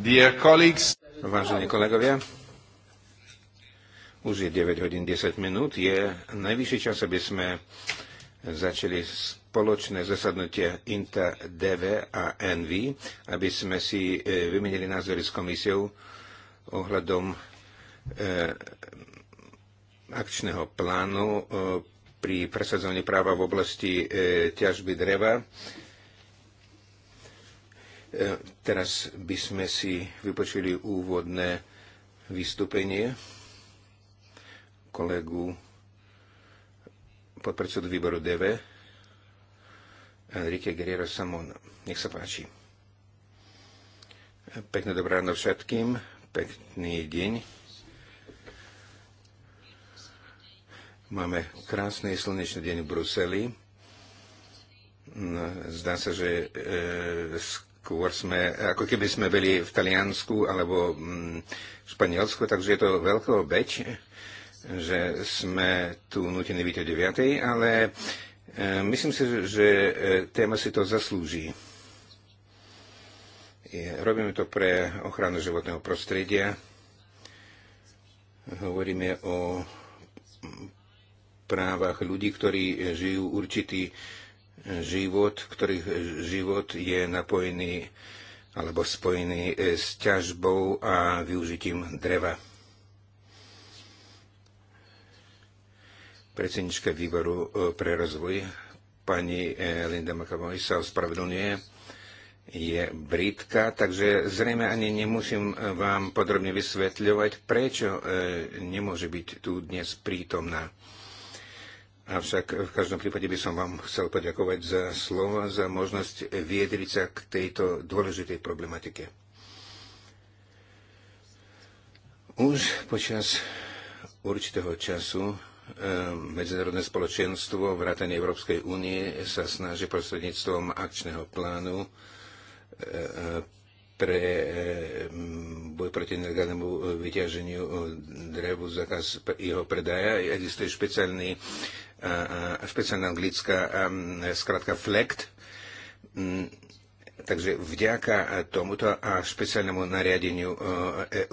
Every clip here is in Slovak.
Dear colleagues, Vážení kolegovia, už je 9 hodín 10 minút. Je najvyšší čas, aby sme začali spoločné zasadnutie INTA DV a NV, aby sme si e, vymenili názory s komisiou ohľadom e, akčného plánu e, pri presadzovaní práva v oblasti ťažby dreva E, teraz by sme si vypočuli úvodné vystúpenie kolegu podpredsedu výboru DV Enrique Guerrero Samona. Nech sa páči. Pekné dobré ráno všetkým, pekný deň. Máme krásny slnečný deň v Bruseli. No, zdá sa, že e, skôr sme, ako keby sme byli v Taliansku alebo mm, v Španielsku, takže je to veľká obeď, že sme tu nutení byť o 9, ale e, myslím si, že e, téma si to zaslúži. Robíme to pre ochranu životného prostredia. Hovoríme o právach ľudí, ktorí e, žijú určitý život, ktorých život je napojený alebo spojený e, s ťažbou a využitím dreva. Predsednička výboru e, pre rozvoj pani e, Linda McAvoy sa ospravedlňuje. Je Britka, takže zrejme ani nemusím vám podrobne vysvetľovať, prečo nemôže byť tu dnes prítomná. Avšak v každom prípade by som vám chcel poďakovať za slovo, za možnosť viedriť sa k tejto dôležitej problematike. Už počas určitého času e, medzinárodné spoločenstvo vrátane Európskej únie sa snaží prostredníctvom akčného plánu e, pre e, boj proti nelegálnemu vyťaženiu drevu, zákaz jeho predaja. Existuje špeciálny špeciálna anglická skratka FLECT. Mm, takže vďaka tomuto a špeciálnemu nariadeniu EU eh, e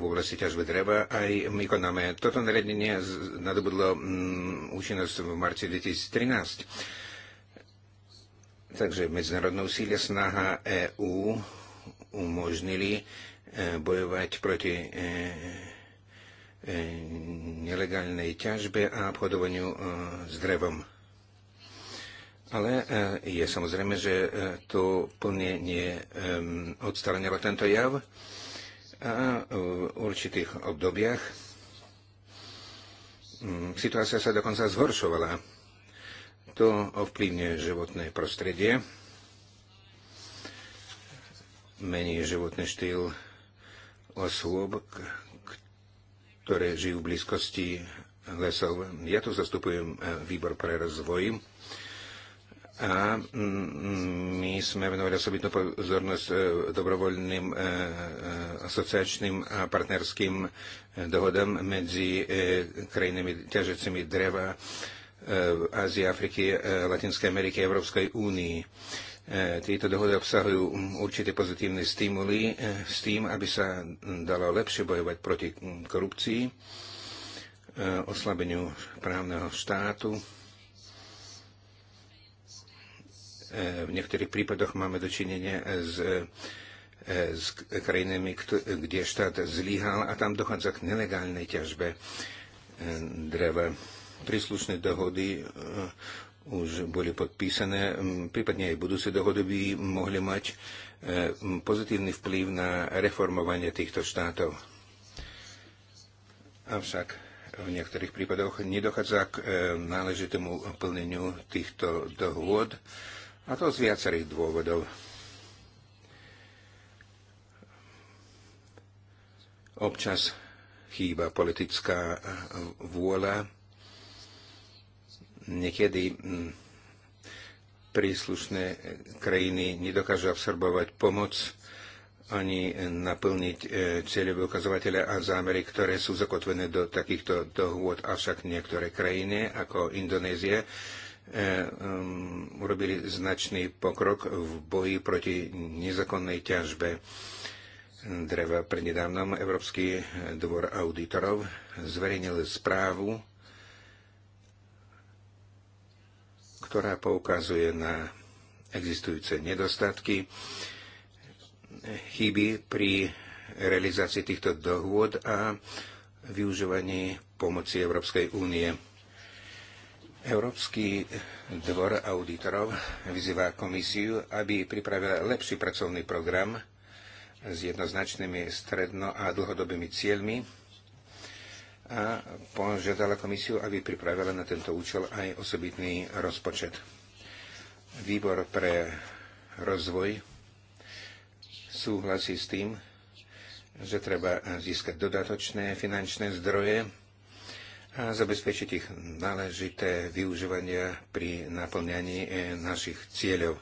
v oblasti ťažby dreva aj my konáme. Toto nariadenie nadobudlo mm, účinnosť v marci 2013. Takže medzinárodné úsilie snaha EÚ umožnili eh, bojovať proti eh, E, nelegálnej ťažbe a obchodovaniu e, s drevom. Ale e, je samozrejme, že to plne neodstranilo tento jav a v určitých obdobiach situácia sa dokonca zhoršovala. To ovplyvňuje životné prostredie, mení životný štýl osôb, ktoré žijú v blízkosti lesov. Ja tu zastupujem eh, výbor pre rozvoj a mm, my sme venovali osobitnú pozornosť eh, dobrovoľným eh, asociačným a partnerským dohodám medzi krajinami ťažecimi dreva v Ázii, Afriky, Latinskej Amerike a Európskej únii. E, tieto dohody obsahujú mm, určité pozitívne stimuly e, s tým, aby sa dalo lepšie bojovať proti mm, korupcii, e, oslabeniu právneho štátu. V niektorých prípadoch máme dočinenie s, s krajinami, kde štát zlíhal a tam dochádza k nelegálnej ťažbe dreva. Príslušné dohody už boli podpísané, mm, prípadne aj budúce dohody by mohli mať e, mm, pozitívny vplyv na reformovanie týchto štátov. Avšak v niektorých prípadoch nedochádza k e, náležitému plneniu týchto dohôd, a to z viacerých dôvodov. Občas chýba politická e, vôľa niekedy mm, príslušné krajiny nedokážu absorbovať pomoc ani naplniť e, cieľové ukazovatele a zámery, ktoré sú zakotvené do takýchto dohôd, avšak niektoré krajiny, ako Indonézie, mm, urobili značný pokrok v boji proti nezakonnej ťažbe dreva. Prednedávnom Európsky dvor auditorov zverejnil správu ktorá poukazuje na existujúce nedostatky, chyby pri realizácii týchto dohôd a využívaní pomoci Európskej únie. Európsky dvor auditorov vyzýva komisiu, aby pripravila lepší pracovný program s jednoznačnými stredno- a dlhodobými cieľmi a požiadala komisiu, aby pripravila na tento účel aj osobitný rozpočet. Výbor pre rozvoj súhlasí s tým, že treba získať dodatočné finančné zdroje a zabezpečiť ich náležité využívania pri naplňaní e, našich cieľov.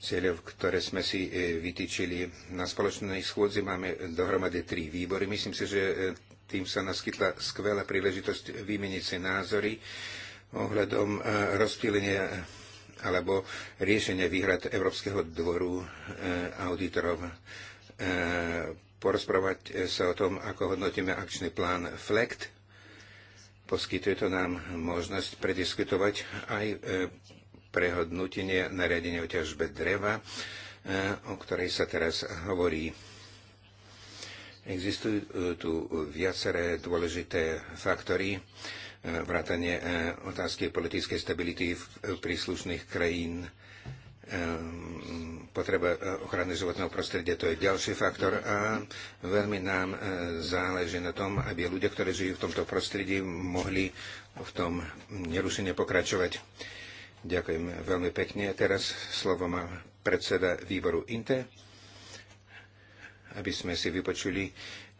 Cieľov, ktoré sme si e, vytýčili na spoločnej schôdzi, máme dohromady tri výbory. Myslím si, že e, tým sa naskytla skvelá príležitosť vymeniť si názory ohľadom e, rozptýlenia e, alebo riešenia výhrad Európskeho dvoru e, auditorov porozprávať sa o tom, ako hodnotíme akčný plán FLECT. Poskytuje to nám možnosť prediskutovať aj prehodnotenie nariadenia o ťažbe dreva, o ktorej sa teraz hovorí. Existujú e, tu viaceré dôležité faktory, e, vrátanie e, otázky politickej stability v príslušných krajín, potreba ochrany životného prostredia, to je ďalší faktor a veľmi nám záleží na tom, aby ľudia, ktorí žijú v tomto prostredí, mohli v tom nerušene pokračovať. Ďakujem veľmi pekne. Teraz slovo má predseda výboru INTE aby sme si vypočuli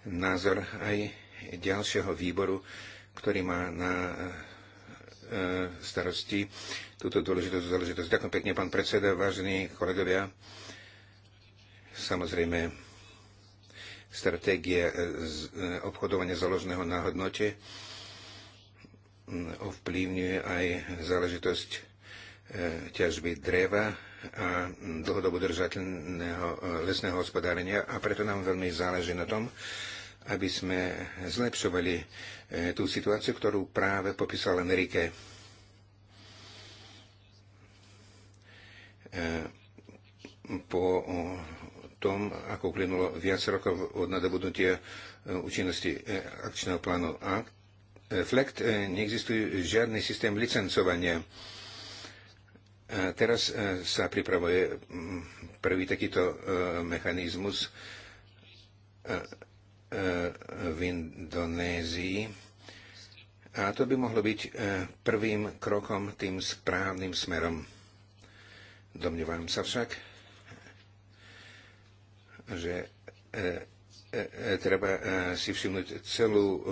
názor aj ďalšieho výboru, ktorý má na e, e, starosti túto dôležitú záležitosť. Ďakujem pekne, pán predseda, vážení kolegovia. Samozrejme, stratégia e, obchodovania založeného na hodnote ovplyvňuje aj záležitosť ťažby dreva a dlhodobo držateľného e, lesného hospodárenia a preto nám veľmi záleží na tom, aby sme zlepšovali e, tú situáciu, ktorú práve popísal Enrique. E, po tom, ako uplynulo viac rokov od nadobudnutia účinnosti akčného plánu a FLECT neexistuje žiadny systém licencovania. Teraz e, sa pripravuje mm, prvý takýto e, mechanizmus e, v Indonézii. A to by mohlo byť prvým krokom tým správnym smerom. Domnievam sa však, že treba si všimnúť celú,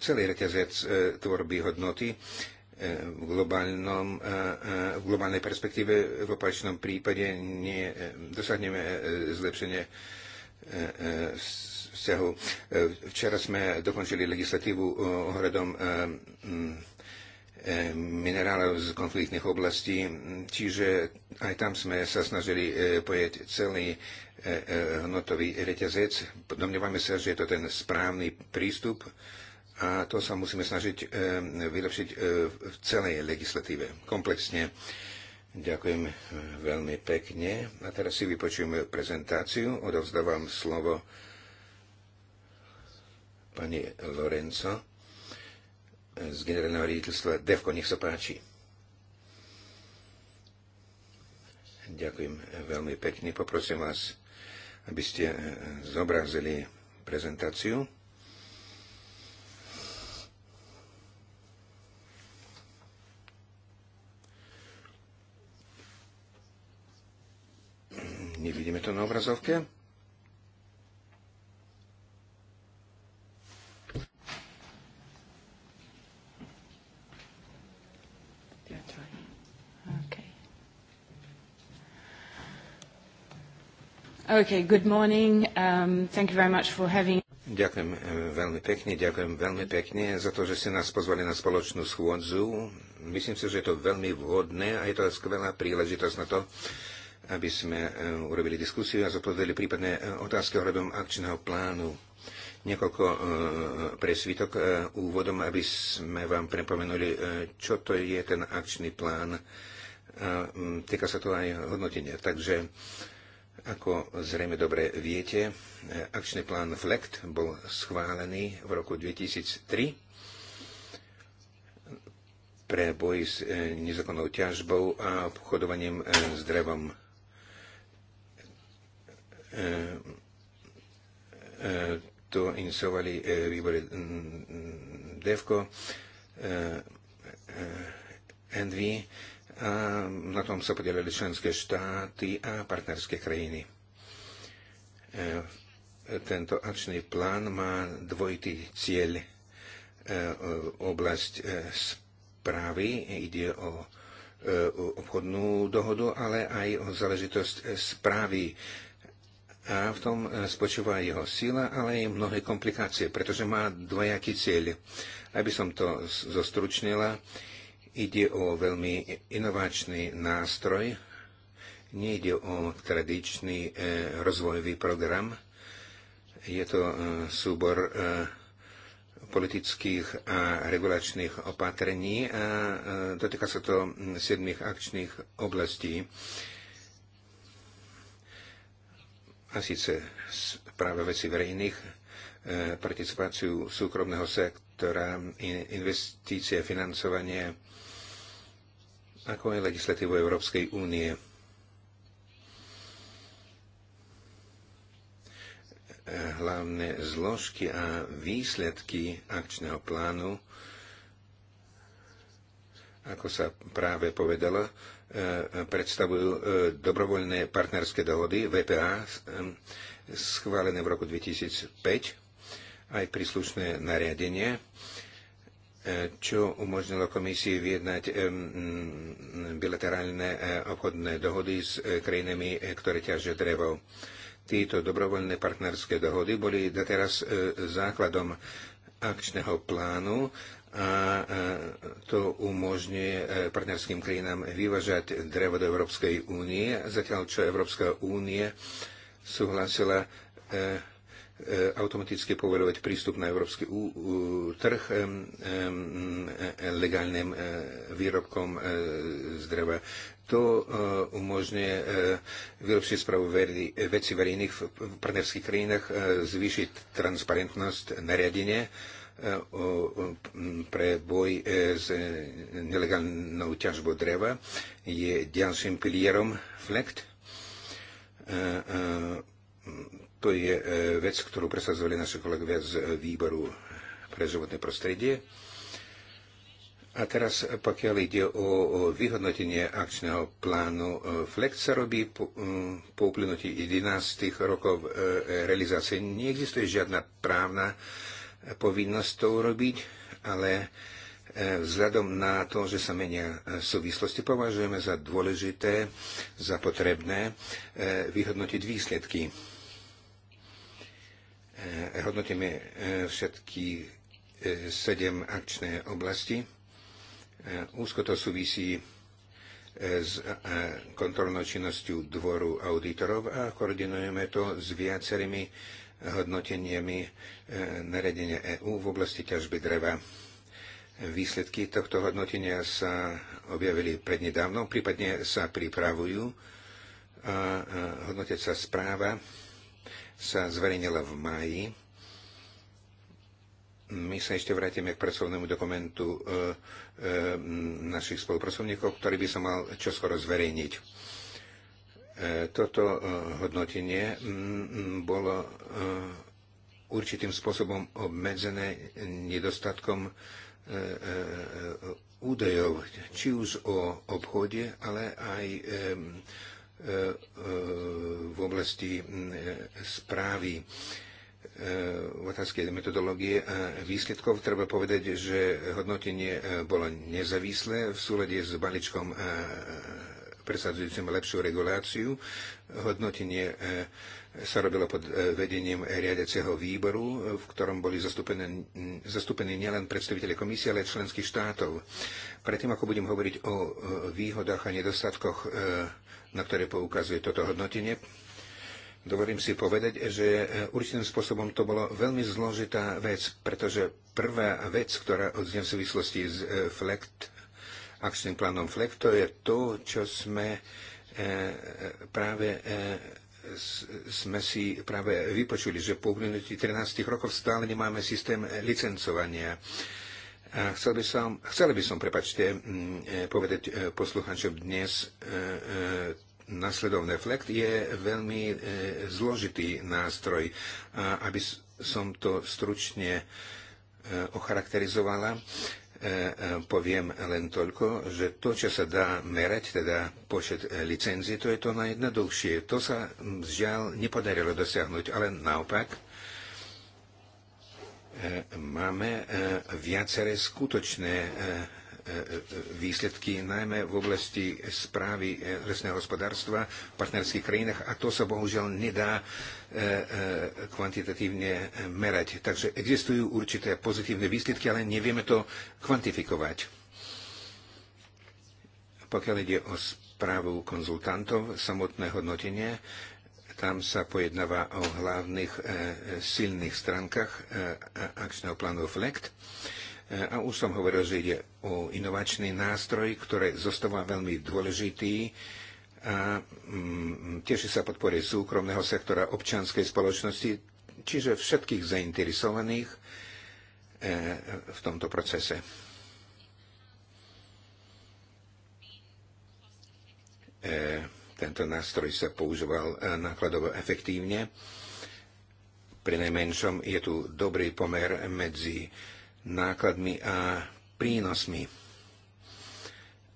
celý reťazec tvorby hodnoty E, v, globálnom, e, e, v globálnej perspektíve. V opačnom prípade nie, dosahneme zlepšenie vzťahu. Včera sme dokončili legislatívu ohľadom minerálov z konfliktných oblastí, čiže aj tam sme sa snažili pojeť celý hnotový reťazec. Domnievame sa, že je to ten správny prístup a to sa musíme snažiť eh, vylepšiť eh, v celej legislatíve komplexne. Ďakujem eh, veľmi pekne. A teraz si vypočujeme prezentáciu. Odovzdávam slovo pani Lorenzo z generálneho riaditeľstva DEVKO. Nech sa páči. Ďakujem veľmi pekne. Poprosím vás, aby ste zobrazili prezentáciu. Nevidíme to na obrazovke. Okay, good morning. Um, thank you very much for having... Ďakujem eh, veľmi pekne, ďakujem veľmi pekne za to, že ste nás pozvali na spoločnú schôdzu. Myslím si, že je to veľmi vhodné a je to skvelá príležitosť na to, aby sme e, urobili diskusiu a zodpovedali prípadné e, otázky ohľadom akčného plánu. Niekoľko e, presvitok úvodom, aby sme vám prepomenuli, čo to je ten akčný plán. Týka sa to aj hodnotenia. Takže, ako zrejme dobre viete, akčný plán FLECT bol schválený v roku 2003 pre boj s nezakonnou ťažbou a obchodovaním s drevom to inicjowali eh, výbory mm, DEVKO, eh, eh, NV a na tom sa podielali členské štáty a partnerské krajiny. Tento akčný plán má dvojitý cieľ oblasť správy, ide o obchodnú dohodu, ale aj o záležitosť správy a v tom e, spočíva jeho sila, ale aj mnohé komplikácie, pretože má dvojaký cieľ. Aby som to zostručnila, ide o veľmi inovačný nástroj, nejde o tradičný e, rozvojový program, je to e, súbor politických a regulačných opatrení a dotýka sa to siedmých akčných oblastí a síce práve veci verejných, e, participáciu súkromného sektora, investície, financovanie, ako aj legislatívu Európskej únie. E, hlavné zložky a výsledky akčného plánu ako sa práve povedalo, e, predstavujú e, dobrovoľné partnerské dohody VPA e, schválené v roku 2005 aj príslušné nariadenie, čo umožnilo komisii vyjednať bilaterálne obchodné dohody s krajinami, ktoré ťažia drevo. Tieto dobrovoľné partnerské dohody boli doteraz základom akčného plánu a to umožňuje e, partnerským krajinám vyvážať drevo do Európskej únie, zatiaľ čo Európska únie súhlasila e, e, automaticky povolovať prístup na európsky trh legálnym výrobkom z dreva. To umožňuje vylepšiť správu veci verejných v partnerských krajinách, zvýšiť transparentnosť nariadenie E, pre boj e, s nelegálnou ťažbou dreva je ďalším pilierom FLECT. E, to je vec, ktorú presadzovali naši kolegovia z výboru pre životné prostredie. A teraz, pokiaľ ide o vyhodnotenie akčného plánu FLEX sa robí po, po uplynutí 11 rokov realizácie. Neexistuje žiadna právna povinnosť to urobiť, ale e, vzhľadom na to, že sa menia e, súvislosti, považujeme za dôležité, za potrebné e, vyhodnotiť výsledky. Hodnotíme všetky sedem akčné oblasti. Úzko to súvisí s kontrolnou činnosťou dvoru auditorov a koordinujeme to s viacerými hodnoteniami e, naredenia EÚ v oblasti ťažby dreva. Výsledky tohto hodnotenia sa objavili prednedávno, prípadne sa pripravujú a hodnotiaca správa sa zverejnila v máji. My sa ešte vrátime k pracovnému dokumentu e, e, našich spolupracovníkov, ktorý by sa mal čoskoro zverejniť E, toto e, hodnotenie mm, bolo e, určitým spôsobom obmedzené nedostatkom údajov, či už o obchode, ale aj v oblasti správy v otázke metodológie a výsledkov treba povedať, že hodnotenie bolo nezávislé v súlade s balíčkom presadzujúcim lepšiu reguláciu. Hodnotenie e, sa robilo pod e, vedením riadiaceho výboru, v ktorom boli zastúpení, zastúpení nielen predstaviteľe komisie, ale aj členských štátov. Predtým, ako budem hovoriť o e, výhodách a nedostatkoch, na ktoré poukazuje toto hodnotenie, dovolím si povedať, že určitým spôsobom to bolo veľmi zložitá vec, pretože prvá vec, ktorá odznie v súvislosti s FLECT, akčným plánom FLEK, To je to, čo sme e, e, práve e, sme si práve vypočuli, že po uplynutí 13 rokov stále nemáme systém licencovania. A chcel by som, chcel by som prepačte, povedať posluchačom dnes nasledovné. Flekt je veľmi zložitý nástroj. A aby som to stručne ocharakterizovala, E, e, poviem len toľko, že to, čo sa dá merať, teda počet e, licencií, to je to najjednoduchšie. To sa žiaľ nepodarilo dosiahnuť, ale naopak máme viaceré skutočné výsledky, najmä v oblasti správy eh, lesného hospodárstva v partnerských krajinách a to sa bohužiaľ nedá eh, eh, kvantitatívne merať. Takže existujú určité pozitívne výsledky, ale nevieme to kvantifikovať. Pokiaľ ide o správu konzultantov, samotné hodnotenie, tam sa pojednáva o hlavných e, silných stránkach e, akčného plánu FLECT. E, a už som hovoril, že ide o inovačný nástroj, ktorý zostáva veľmi dôležitý a mm, teší sa podpore súkromného sektora občianskej spoločnosti, čiže všetkých zainteresovaných e, v tomto procese. E, tento nástroj sa používal e, nákladovo efektívne. Pri najmenšom je tu dobrý pomer medzi nákladmi a prínosmi.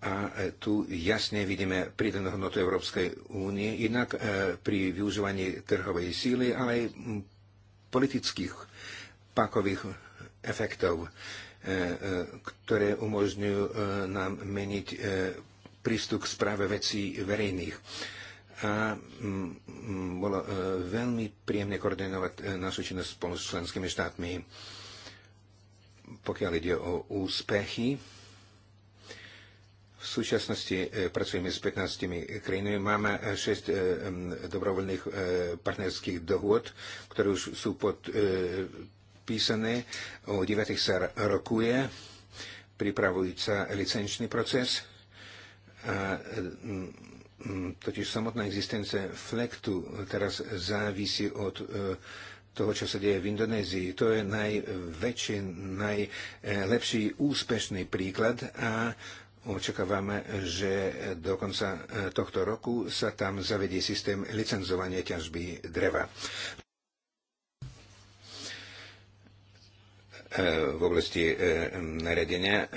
A e, tu jasne vidíme pridanú hodnotu Európskej únie, jednak e, pri využívaní trhovej síly, ale aj politických pakových efektov, e, ktoré umožňujú nám meniť prístup k správe vecí verejných. A bolo veľmi príjemné koordinovať našu činnosť spolu s členskými štátmi pokiaľ ide o úspechy, v súčasnosti e, pracujeme s 15 krajinami. Máme 6 e, e, dobrovoľných partnerských dohôd, ktoré už sú podpísané. O 9 sa rokuje. Pripravujú sa licenčný proces. A totiž samotná existencia flektu teraz závisí od toho, čo sa deje v Indonézii. To je najväčší, najlepší úspešný príklad a očakávame, že do konca e, tohto roku sa tam zavedie systém licenzovania ťažby dreva. E, v oblasti e, naredenia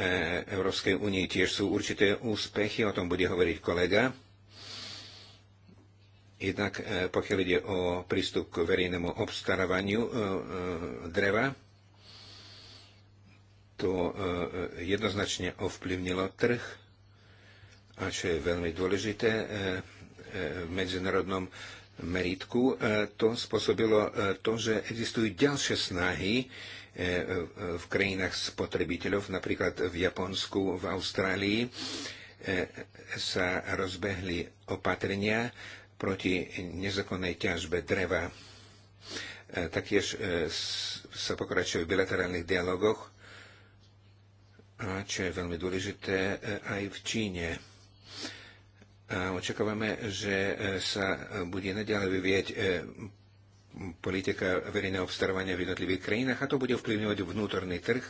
Európskej únie tiež sú určité úspechy, o tom bude hovoriť kolega. Jednak e, pokiaľ ide o prístup k verejnému obstarávaniu e, e, dreva, to jednoznačne ovplyvnilo trh a čo je veľmi dôležité v medzinárodnom meritku, to spôsobilo to, že existujú ďalšie snahy v krajinách spotrebiteľov, napríklad v Japonsku, v Austrálii sa rozbehli opatrenia, proti nezákonnej ťažbe dreva. E, taktiež e, sa pokračuje v bilaterálnych dialogoch, a čo je veľmi dôležité e, aj v Číne. A očakávame, že sa bude nadalej vyvieť politika verejného obstarávania v jednotlivých krajinách a to bude vplyvňovať vnútorný trh,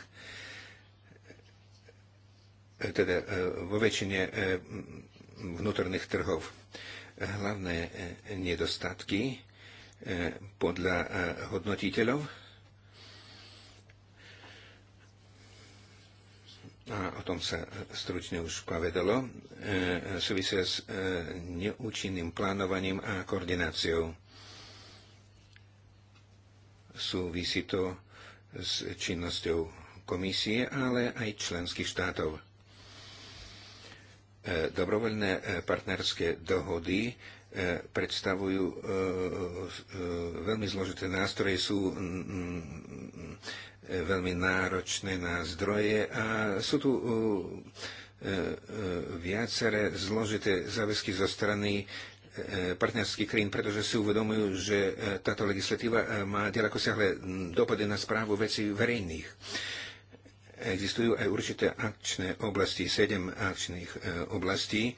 teda vo väčšine vnútorných trhov hlavné e, nedostatky e, podľa e, hodnotiteľov. a o tom sa stručne už povedalo, súvisia s neúčinným plánovaním a koordináciou. Súvisí to s činnosťou komisie, ale aj členských štátov. E, dobrovoľné e, partnerské dohody e, predstavujú veľmi zložité nástroje, sú veľmi náročné na zdroje a sú tu viaceré zložité záväzky zo strany partnerských krín, pretože si uvedomujú, že táto legislatíva má ďaleko siahle dopady na správu vecí verejných Existujú aj určité akčné oblasti, sedem akčných e, oblastí, e,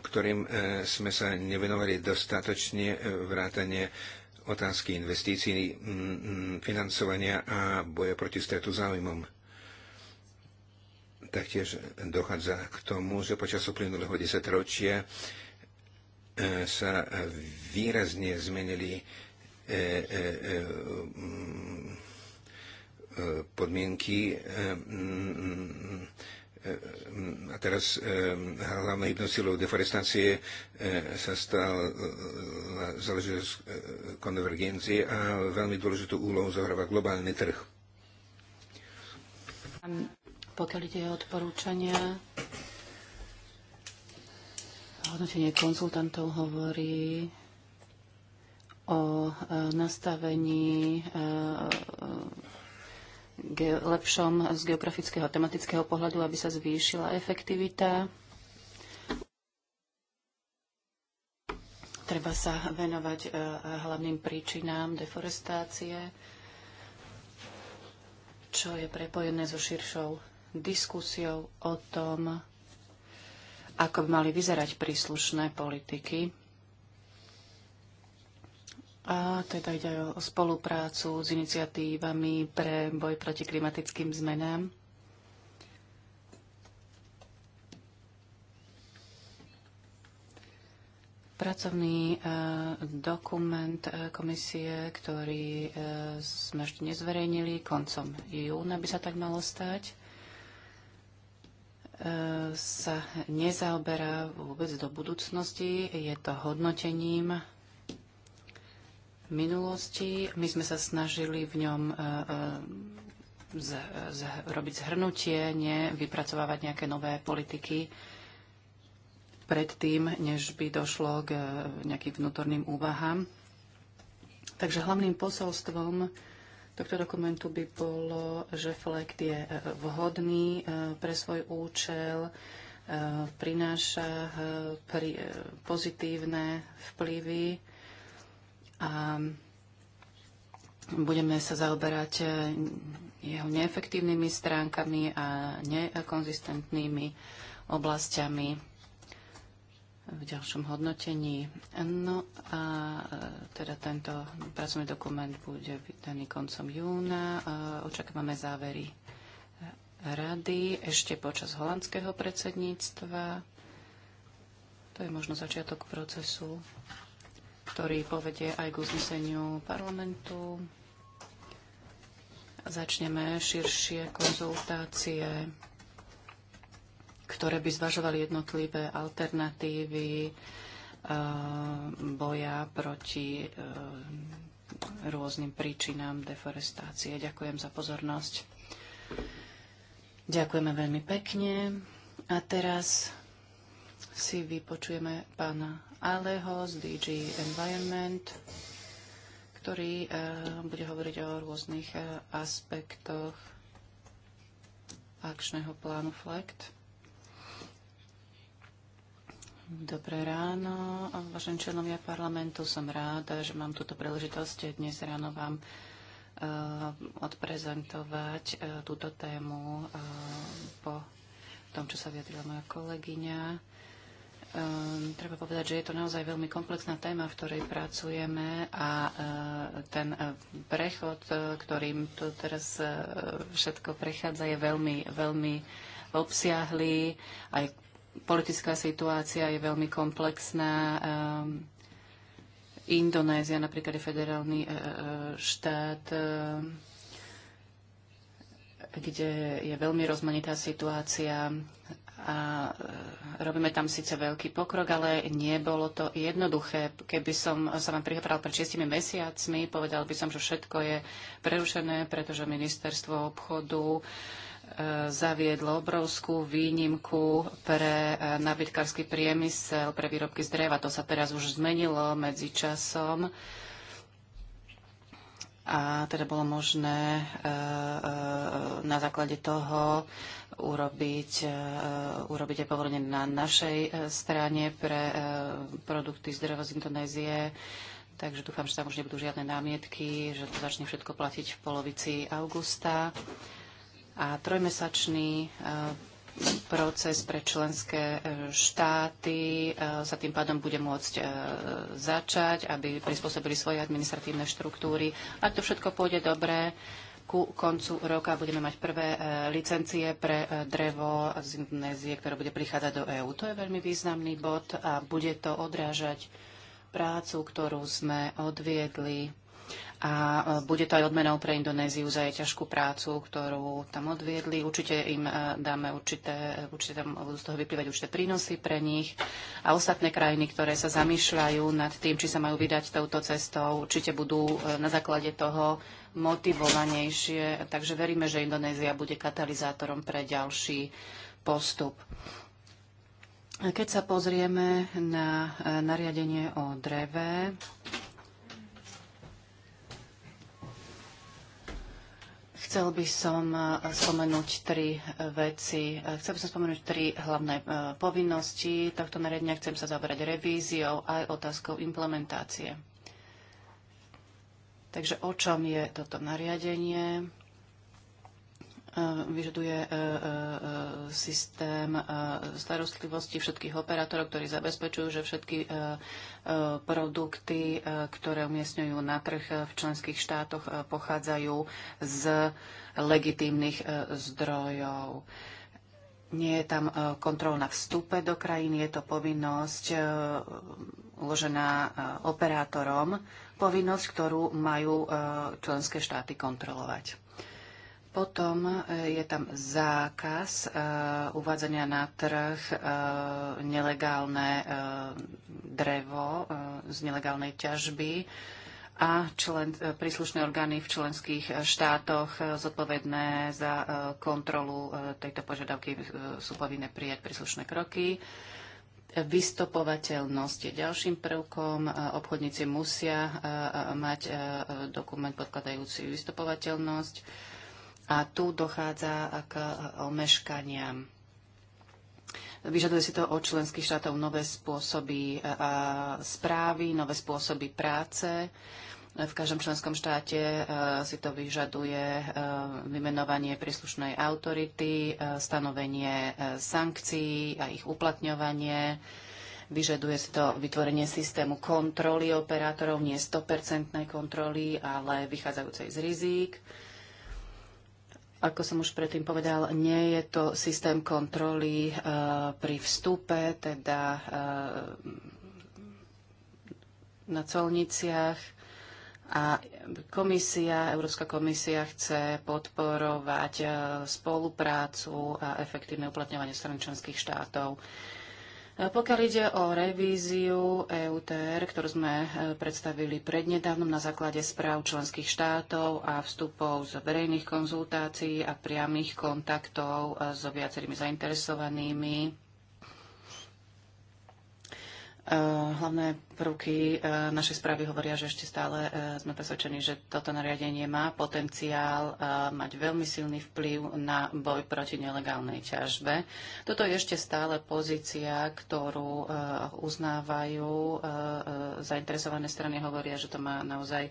ktorým e, sme sa nevenovali dostatočne vrátane otázky investícií, financovania a boja proti stretu záujmom taktiež dochádza k tomu, že počas uplynulého desaťročia sa výrazne zmenili podmienky ehm, ehm, ehm, a teraz hlavnou hypnosilou deforestácie e, sa stala e, záležitosť e, konvergencie a veľmi dôležitú úlohu zohráva globálny trh. Pokiaľ ide o odporúčania, hodnotenie konzultantov hovorí o nastavení lepšom z geografického a tematického pohľadu, aby sa zvýšila efektivita. Treba sa venovať e, hlavným príčinám deforestácie, čo je prepojené so širšou diskusiou o tom, ako by mali vyzerať príslušné politiky a teda ide o spoluprácu s iniciatívami pre boj proti klimatickým zmenám. Pracovný e, dokument e, komisie, ktorý e, sme ešte nezverejnili, koncom júna by sa tak malo stať, sa nezaoberá vôbec do budúcnosti. Je to hodnotením minulosti. My sme sa snažili v ňom z, e, e, z, robiť zhrnutie, nie vypracovávať nejaké nové politiky predtým, než by došlo k e, nejakým vnútorným úvahám. Takže hlavným posolstvom tohto dokumentu by bolo, že FLECT je vhodný pre svoj účel, prináša pozitívne vplyvy a budeme sa zaoberať eh, jeho neefektívnymi stránkami a nekonzistentnými oblastiami v ďalšom hodnotení. No a eh, teda tento pracovný dokument bude vydaný koncom júna. Eh, očakávame závery rady ešte počas holandského predsedníctva. To je možno začiatok procesu ktorý povedie aj k uzneseniu parlamentu. Začneme širšie konzultácie, ktoré by zvažovali jednotlivé alternatívy eh, boja proti eh, rôznym príčinám deforestácie. Ďakujem za pozornosť. Ďakujeme veľmi pekne. A teraz si vypočujeme pána Aleho z DG Environment, ktorý eh, bude hovoriť o rôznych eh, aspektoch akčného plánu FLECT. Dobré ráno, vážení členovia parlamentu. Som ráda, že mám túto príležitosť dnes ráno vám eh, odprezentovať túto tému po tom, čo sa vyjadrila moja kolegyňa. Um, treba povedať, že je to naozaj veľmi komplexná téma, v ktorej pracujeme a uh, ten uh, prechod, uh, ktorým to teraz uh, všetko prechádza, je veľmi, veľmi obsiahlý. Aj politická situácia je veľmi komplexná. Um, Indonézia napríklad je federálny uh, štát. Uh, kde je veľmi rozmanitá situácia. A e, robíme tam síce veľký pokrok, ale nebolo to jednoduché. Keby som sa vám prihopral pred šiestimi mesiacmi, povedal by som, že všetko je prerušené, pretože ministerstvo obchodu e, zaviedlo obrovskú výnimku pre e, nabytkarský priemysel, pre výrobky z dreva. To sa teraz už zmenilo medzi časom a teda bolo možné e, e, na základe toho urobiť, e, urobiť aj povolenie na našej strane pre produkty z dreva z Indonézie. Takže dúfam, že tam už nebudú žiadne námietky, že to začne všetko platiť v polovici augusta. A trojmesačný proces pre členské e, štáty e, sa tým pádom bude môcť e, začať, aby prispôsobili svoje administratívne štruktúry. Ak to všetko pôjde dobre, ku koncu roka budeme mať prvé licencie pre drevo z Indonézie, ktoré bude prichádzať do EÚ. To je veľmi významný bod a bude to odrážať prácu, ktorú sme odviedli a e, bude to aj odmenou pre Indonéziu za jej ťažkú prácu, ktorú tam odviedli. Určite im e, dáme určité, určite tam budú z toho vyplývať určité prínosy pre nich a ostatné krajiny, ktoré sa zamýšľajú nad tým, či sa majú vydať touto cestou, určite budú e, na základe toho motivovanejšie. Takže veríme, že Indonézia bude katalizátorom pre ďalší postup. Keď sa pozrieme na nariadenie o dreve, Chcel by som e, spomenúť tri e, veci. E, chcel by som spomenúť tri hlavné povinnosti tohto nariadenia. Chcem sa zabrať revíziou aj otázkou implementácie. Takže o čom je toto nariadenie? Eh, vyžaduje eh, eh, systém starostlivosti všetkých operátorov, ktorí zabezpečujú, že všetky produkty, ktoré umiestňujú na trh v členských štátoch, pochádzajú z legitímnych zdrojov. Nie je tam kontrol na vstupe do krajín, je to povinnosť uložená operátorom, povinnosť, ktorú majú členské štáty kontrolovať. Potom e, je tam zákaz e, uvádzania na trh e, nelegálne drevo z nelegálnej ťažby a člen, príslušné orgány v členských štátoch zodpovedné za kontrolu tejto požiadavky sú povinné prijať príslušné kroky. Vystopovateľnosť je ďalším prvkom. Obchodníci musia mať dokument podkladajúci vystopovateľnosť a tu dochádza k omeškaniam. Vyžaduje si to od členských štátov nové spôsoby e, e, správy, nové spôsoby práce. V každom členskom štáte e, si to vyžaduje vymenovanie príslušnej autority, stanovenie sankcií a ich uplatňovanie. Vyžaduje si to vytvorenie systému kontroly operátorov, nie 100% kontroly, ale vychádzajúcej z rizík ako som už predtým povedal, nie je to systém kontroly eh, pri vstupe, teda eh, na colniciach. A komisia, Európska komisia chce podporovať eh, spoluprácu a efektívne uplatňovanie strany členských štátov. E, pokiaľ ide o revíziu EUTR, ktorú sme e, predstavili prednedávnom na základe správ členských štátov a vstupov z verejných konzultácií a priamých kontaktov e, so viacerými zainteresovanými, Eh, hlavné prvky eh, našej správy hovoria, že ešte stále eh, sme presvedčení, že toto nariadenie má potenciál mať veľmi silný vplyv na boj proti nelegálnej ťažbe. Toto je ešte stále pozícia, ktorú uznávajú zainteresované strany, hovoria, že to má naozaj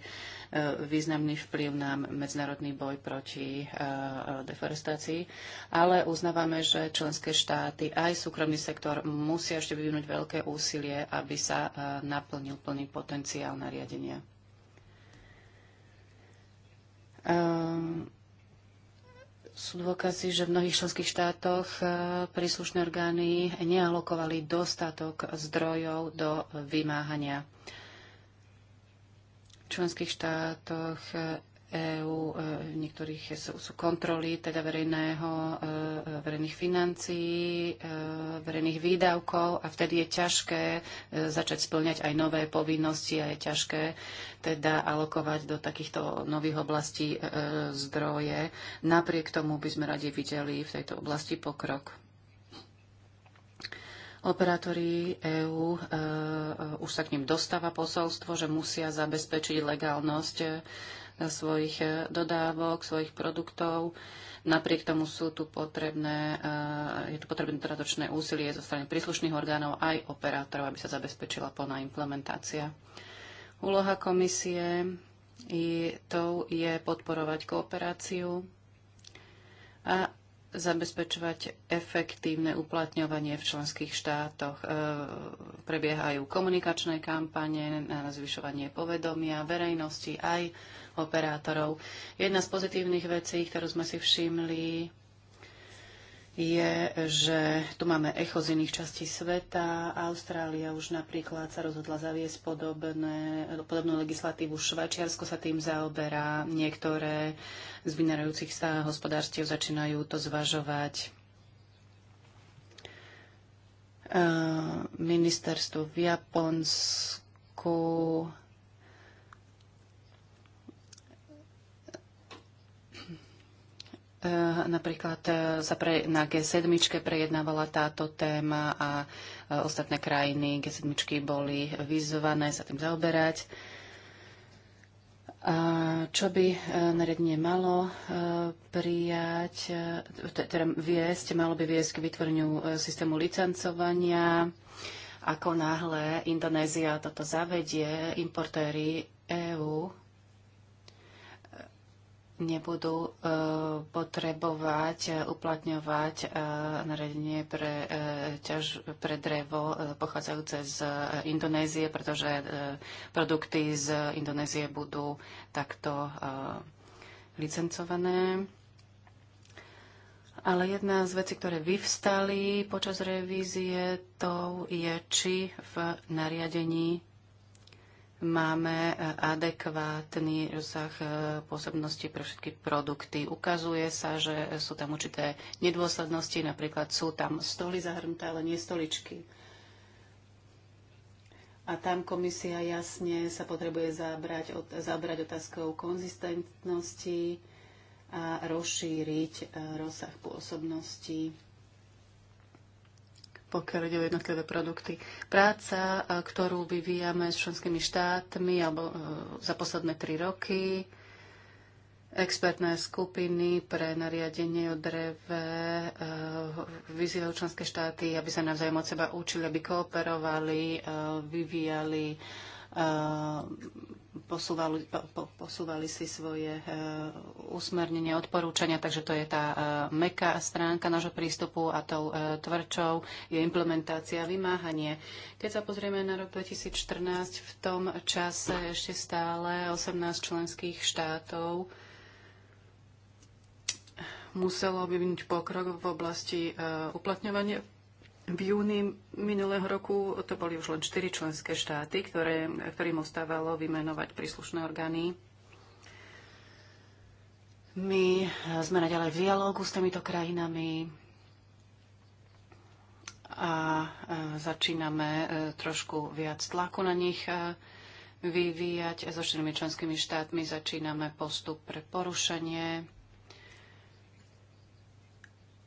významný vplyv na medzinárodný boj proti e, e, deforestácii, ale uznávame, že členské štáty aj súkromný sektor musia ešte vyvinúť veľké úsilie, aby sa e, naplnil plný potenciál nariadenia. sú dôkazy, že v mnohých členských štátoch príslušné orgány nealokovali dostatok zdrojov do vymáhania členských štátoch EÚ, v e e, niektorých sú, sú kontroly teda verejného, e, verejných financií, verejných výdavkov a vtedy je ťažké začať splňať aj nové povinnosti a je ťažké teda alokovať do takýchto nových oblastí zdroje. Napriek tomu by sme radi videli v tejto oblasti pokrok. Operátori EÚ, e, e, už sa k ním dostáva posolstvo, že musia zabezpečiť legálnosť e, svojich e, dodávok, svojich produktov. Napriek tomu sú tu potrebné, je tu potrebné dodatočné úsilie zo strany príslušných orgánov aj operátorov, aby sa zabezpečila plná implementácia. Úloha komisie je, tou je podporovať kooperáciu a zabezpečovať efektívne uplatňovanie v členských štátoch. E, prebiehajú komunikačné kampane na zvyšovanie povedomia verejnosti aj operátorov. Jedna z pozitívnych vecí, ktorú sme si všimli, je, že tu máme echo z iných častí sveta. Austrália už napríklad sa rozhodla zaviesť podobné, podobnú legislatívu. Švajčiarsko sa tým zaoberá. Niektoré z vynerajúcich sa hospodárstiev začínajú to zvažovať. Ehm, ministerstvo v Japonsku Eh, napríklad eh, sa pre, na G7 prejednávala táto téma a eh, ostatné krajiny G7 boli vyzované sa tým zaoberať. A čo by nariadenie malo prijať, teda viesť, malo by viesť k vytvoreniu systému licencovania. Ako náhle Indonézia toto zavedie, importéry EÚ nebudú e, potrebovať e, uplatňovať e, naredenie pre, ťaž, pre drevo pochádzajúce z Indonézie, pretože produkty z Indonézie budú takto licencované. Ale jedna z vecí, ktoré vyvstali počas revízie, to je, či v nariadení máme e, adekvátny rozsah e, pôsobnosti pre všetky produkty. Ukazuje sa, že sú tam určité nedôslednosti, napríklad sú tam stoly zahrnuté, ale nie stoličky. A tam komisia jasne sa potrebuje zabrať, zabrať otázkou konzistentnosti a rozšíriť e, rozsah pôsobnosti pokiaľ ide o jednotlivé produkty. Práca, e, ktorú vyvíjame s členskými štátmi alebo e, za posledné tri roky, expertné skupiny pre nariadenie o dreve, e, vyzývajú členské štáty, aby sa navzájom od seba učili, aby kooperovali, vyvíjali E, posúvali, po, posúvali si svoje e, usmernenie, odporúčania, takže to je tá e, meká stránka nášho prístupu a tou tvrdšou je implementácia, vymáhanie. Keď sa pozrieme na rok 2014, v tom čase ešte stále 18 členských štátov muselo vyvinúť pokrok v oblasti uplatňovania v júni minulého roku to boli už len 4 členské štáty, ktoré, ktorým ostávalo vymenovať príslušné orgány. My sme naďalej v dialógu s týmito krajinami a e, začíname e, trošku viac tlaku na nich e, vyvíjať. So štyrmi členskými štátmi začíname postup pre porušenie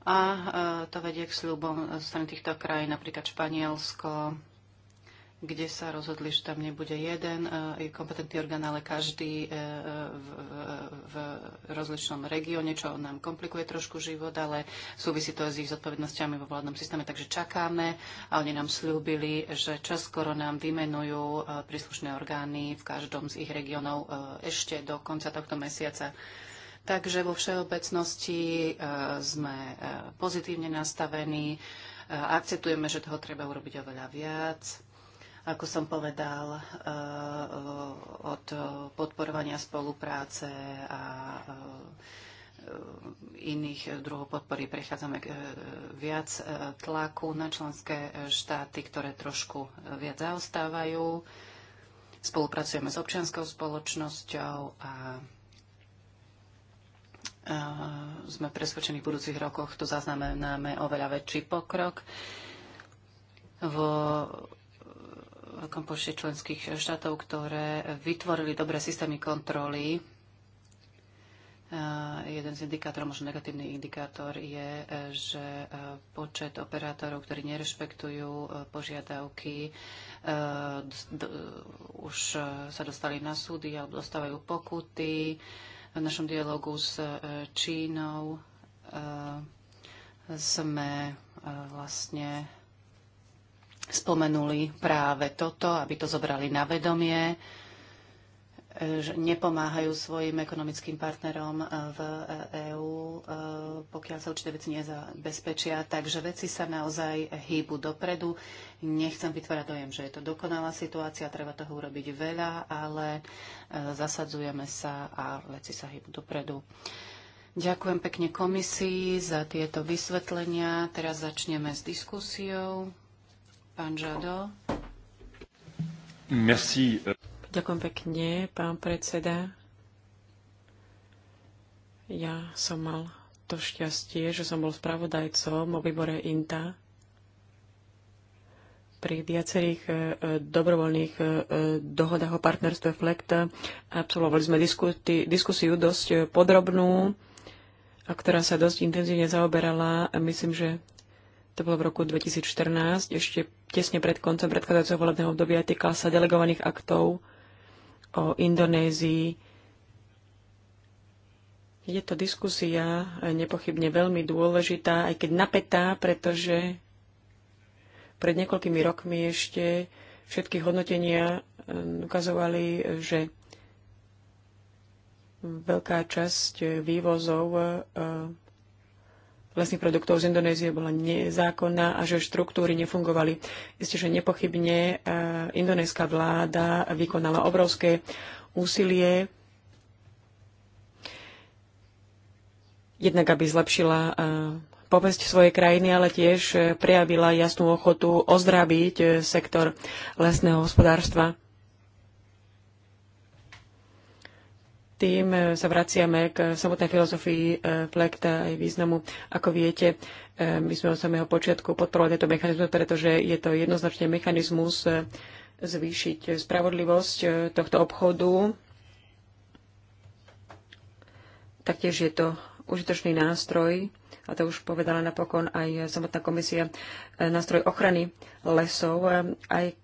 a e, to vedie k sľubom zo strany týchto krajín, napríklad Španielsko, kde sa rozhodli, že tam nebude jeden je kompetentný orgán, ale každý e, e, v, v rozličnom regióne, čo nám komplikuje trošku život, ale súvisí to s ich zodpovednosťami vo vládnom systéme, takže čakáme a oni nám slúbili, že čoskoro nám vymenujú príslušné orgány v každom z ich regiónov ešte do konca tohto mesiaca. Takže vo všeobecnosti e, sme e, pozitívne nastavení, e, akceptujeme, že toho treba urobiť oveľa viac. Ako som povedal, od podporovania spolupráce a iných druhov podpory prechádzame k viac tlaku na členské štáty, ktoré trošku viac zaostávajú. Spolupracujeme s občianskou spoločnosťou a Eh, sme presvedčení v budúcich rokoch, tu zaznamenáme oveľa väčší pokrok. Vo veľkom počte členských štátov, ktoré vytvorili dobré systémy kontroly. Eh, jeden z indikátorov, možno negatívny indikátor, je, že eh, počet operátorov, ktorí nerešpektujú požiadavky, už sa dostali na súdy alebo dostávajú pokuty v našom dialogu s e, Čínou e, sme e, vlastne spomenuli práve toto, aby to zobrali na vedomie nepomáhajú svojim ekonomickým partnerom eh, v eh, EÚ, eh, pokiaľ sa určité veci nezabezpečia. Takže veci sa naozaj hýbu dopredu. Nechcem vytvárať dojem, že je to dokonalá situácia, treba toho urobiť veľa, ale zasadzujeme sa a veci sa hýbu dopredu. Ďakujem pekne komisii za tieto vysvetlenia. Teraz začneme s diskusiou. Pán Žado. Merci. Ďakujem pekne, pán predseda. Ja som mal to šťastie, že som bol spravodajcom o výbore INTA pri viacerých e, dobrovoľných e, e, dohodách o partnerstve FLECT. Absolvovali sme diskusiu dosť podrobnú, a ktorá sa dosť intenzívne zaoberala. Myslím, že to bolo v roku 2014, ešte tesne pred koncom predchádzajúceho volebného obdobia, týkala sa delegovaných aktov o Indonézii. Je to diskusia nepochybne veľmi dôležitá, aj keď napätá, pretože pred niekoľkými rokmi ešte všetky hodnotenia eh, ukazovali, že veľká časť eh, vývozov eh, vlastných produktov z Indonézie bola nezákonná a že štruktúry nefungovali. Isté, že nepochybne eh, indonéska vláda vykonala obrovské úsilie jednak aby zlepšila eh, povesť svojej krajiny, ale tiež eh, prejavila jasnú ochotu ozdraviť sektor lesného hospodárstva. Tým e, sa vraciame k samotnej filozofii e, a aj významu. Ako viete, e, my sme od samého počiatku podporovali tento mechanizmus, pretože je to jednoznačne mechanizmus zvýšiť spravodlivosť tohto obchodu. Taktiež je to užitočný nástroj, a to už povedala napokon aj samotná komisia, nástroj ochrany lesov, aj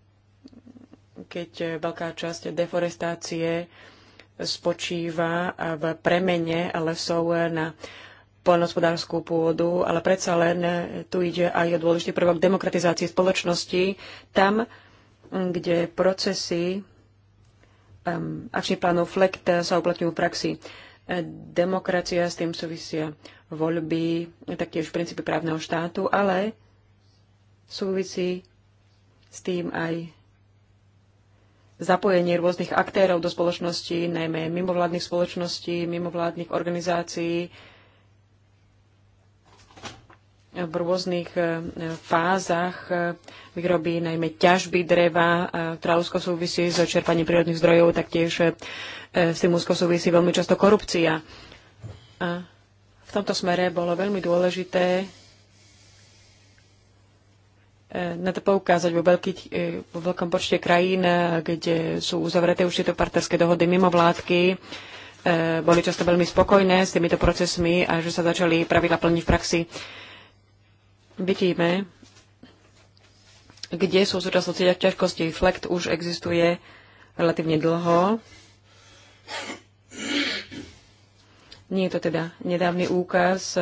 keď veľká časť deforestácie spočíva v premene lesov na poľnohospodárskú pôdu, ale predsa len tu ide aj o dôležitý prvok demokratizácie spoločnosti. Tam, kde procesy um, akčných plánov FLECT sa uplatňujú v praxi. Demokracia, s tým súvisia voľby, taktiež princípy právneho štátu, ale súvisí s tým aj zapojenie rôznych aktérov do spoločnosti, najmä mimovládnych spoločností, mimovládnych organizácií v rôznych e, fázach e, výroby, najmä ťažby dreva, e, ktorá úzko súvisí so čerpaním prírodných zdrojov, taktiež s tým úzko súvisí veľmi často korupcia. A v tomto smere bolo veľmi dôležité E, na to poukázať vo, veľkých, e, vo veľkom počte krajín, e, kde sú uzavreté už tieto partnerské dohody mimo vládky, boli často veľmi spokojné s týmito procesmi a že sa začali pravidla plniť v praxi. Vidíme, kde sú súčasnosti a ťažkosti. FLECT už existuje relatívne dlho. Nie je to teda nedávny úkaz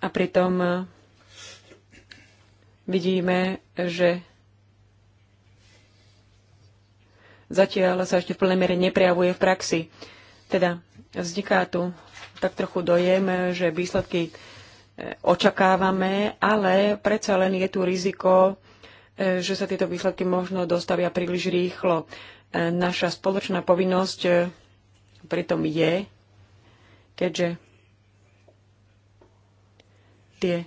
a pritom vidíme, že zatiaľ sa ešte v plnej mere neprejavuje v praxi. Teda vzniká tu tak trochu dojem, že výsledky e, očakávame, ale predsa len je tu riziko, e, že sa tieto výsledky možno dostavia príliš rýchlo. E, naša spoločná povinnosť pritom je, keďže tie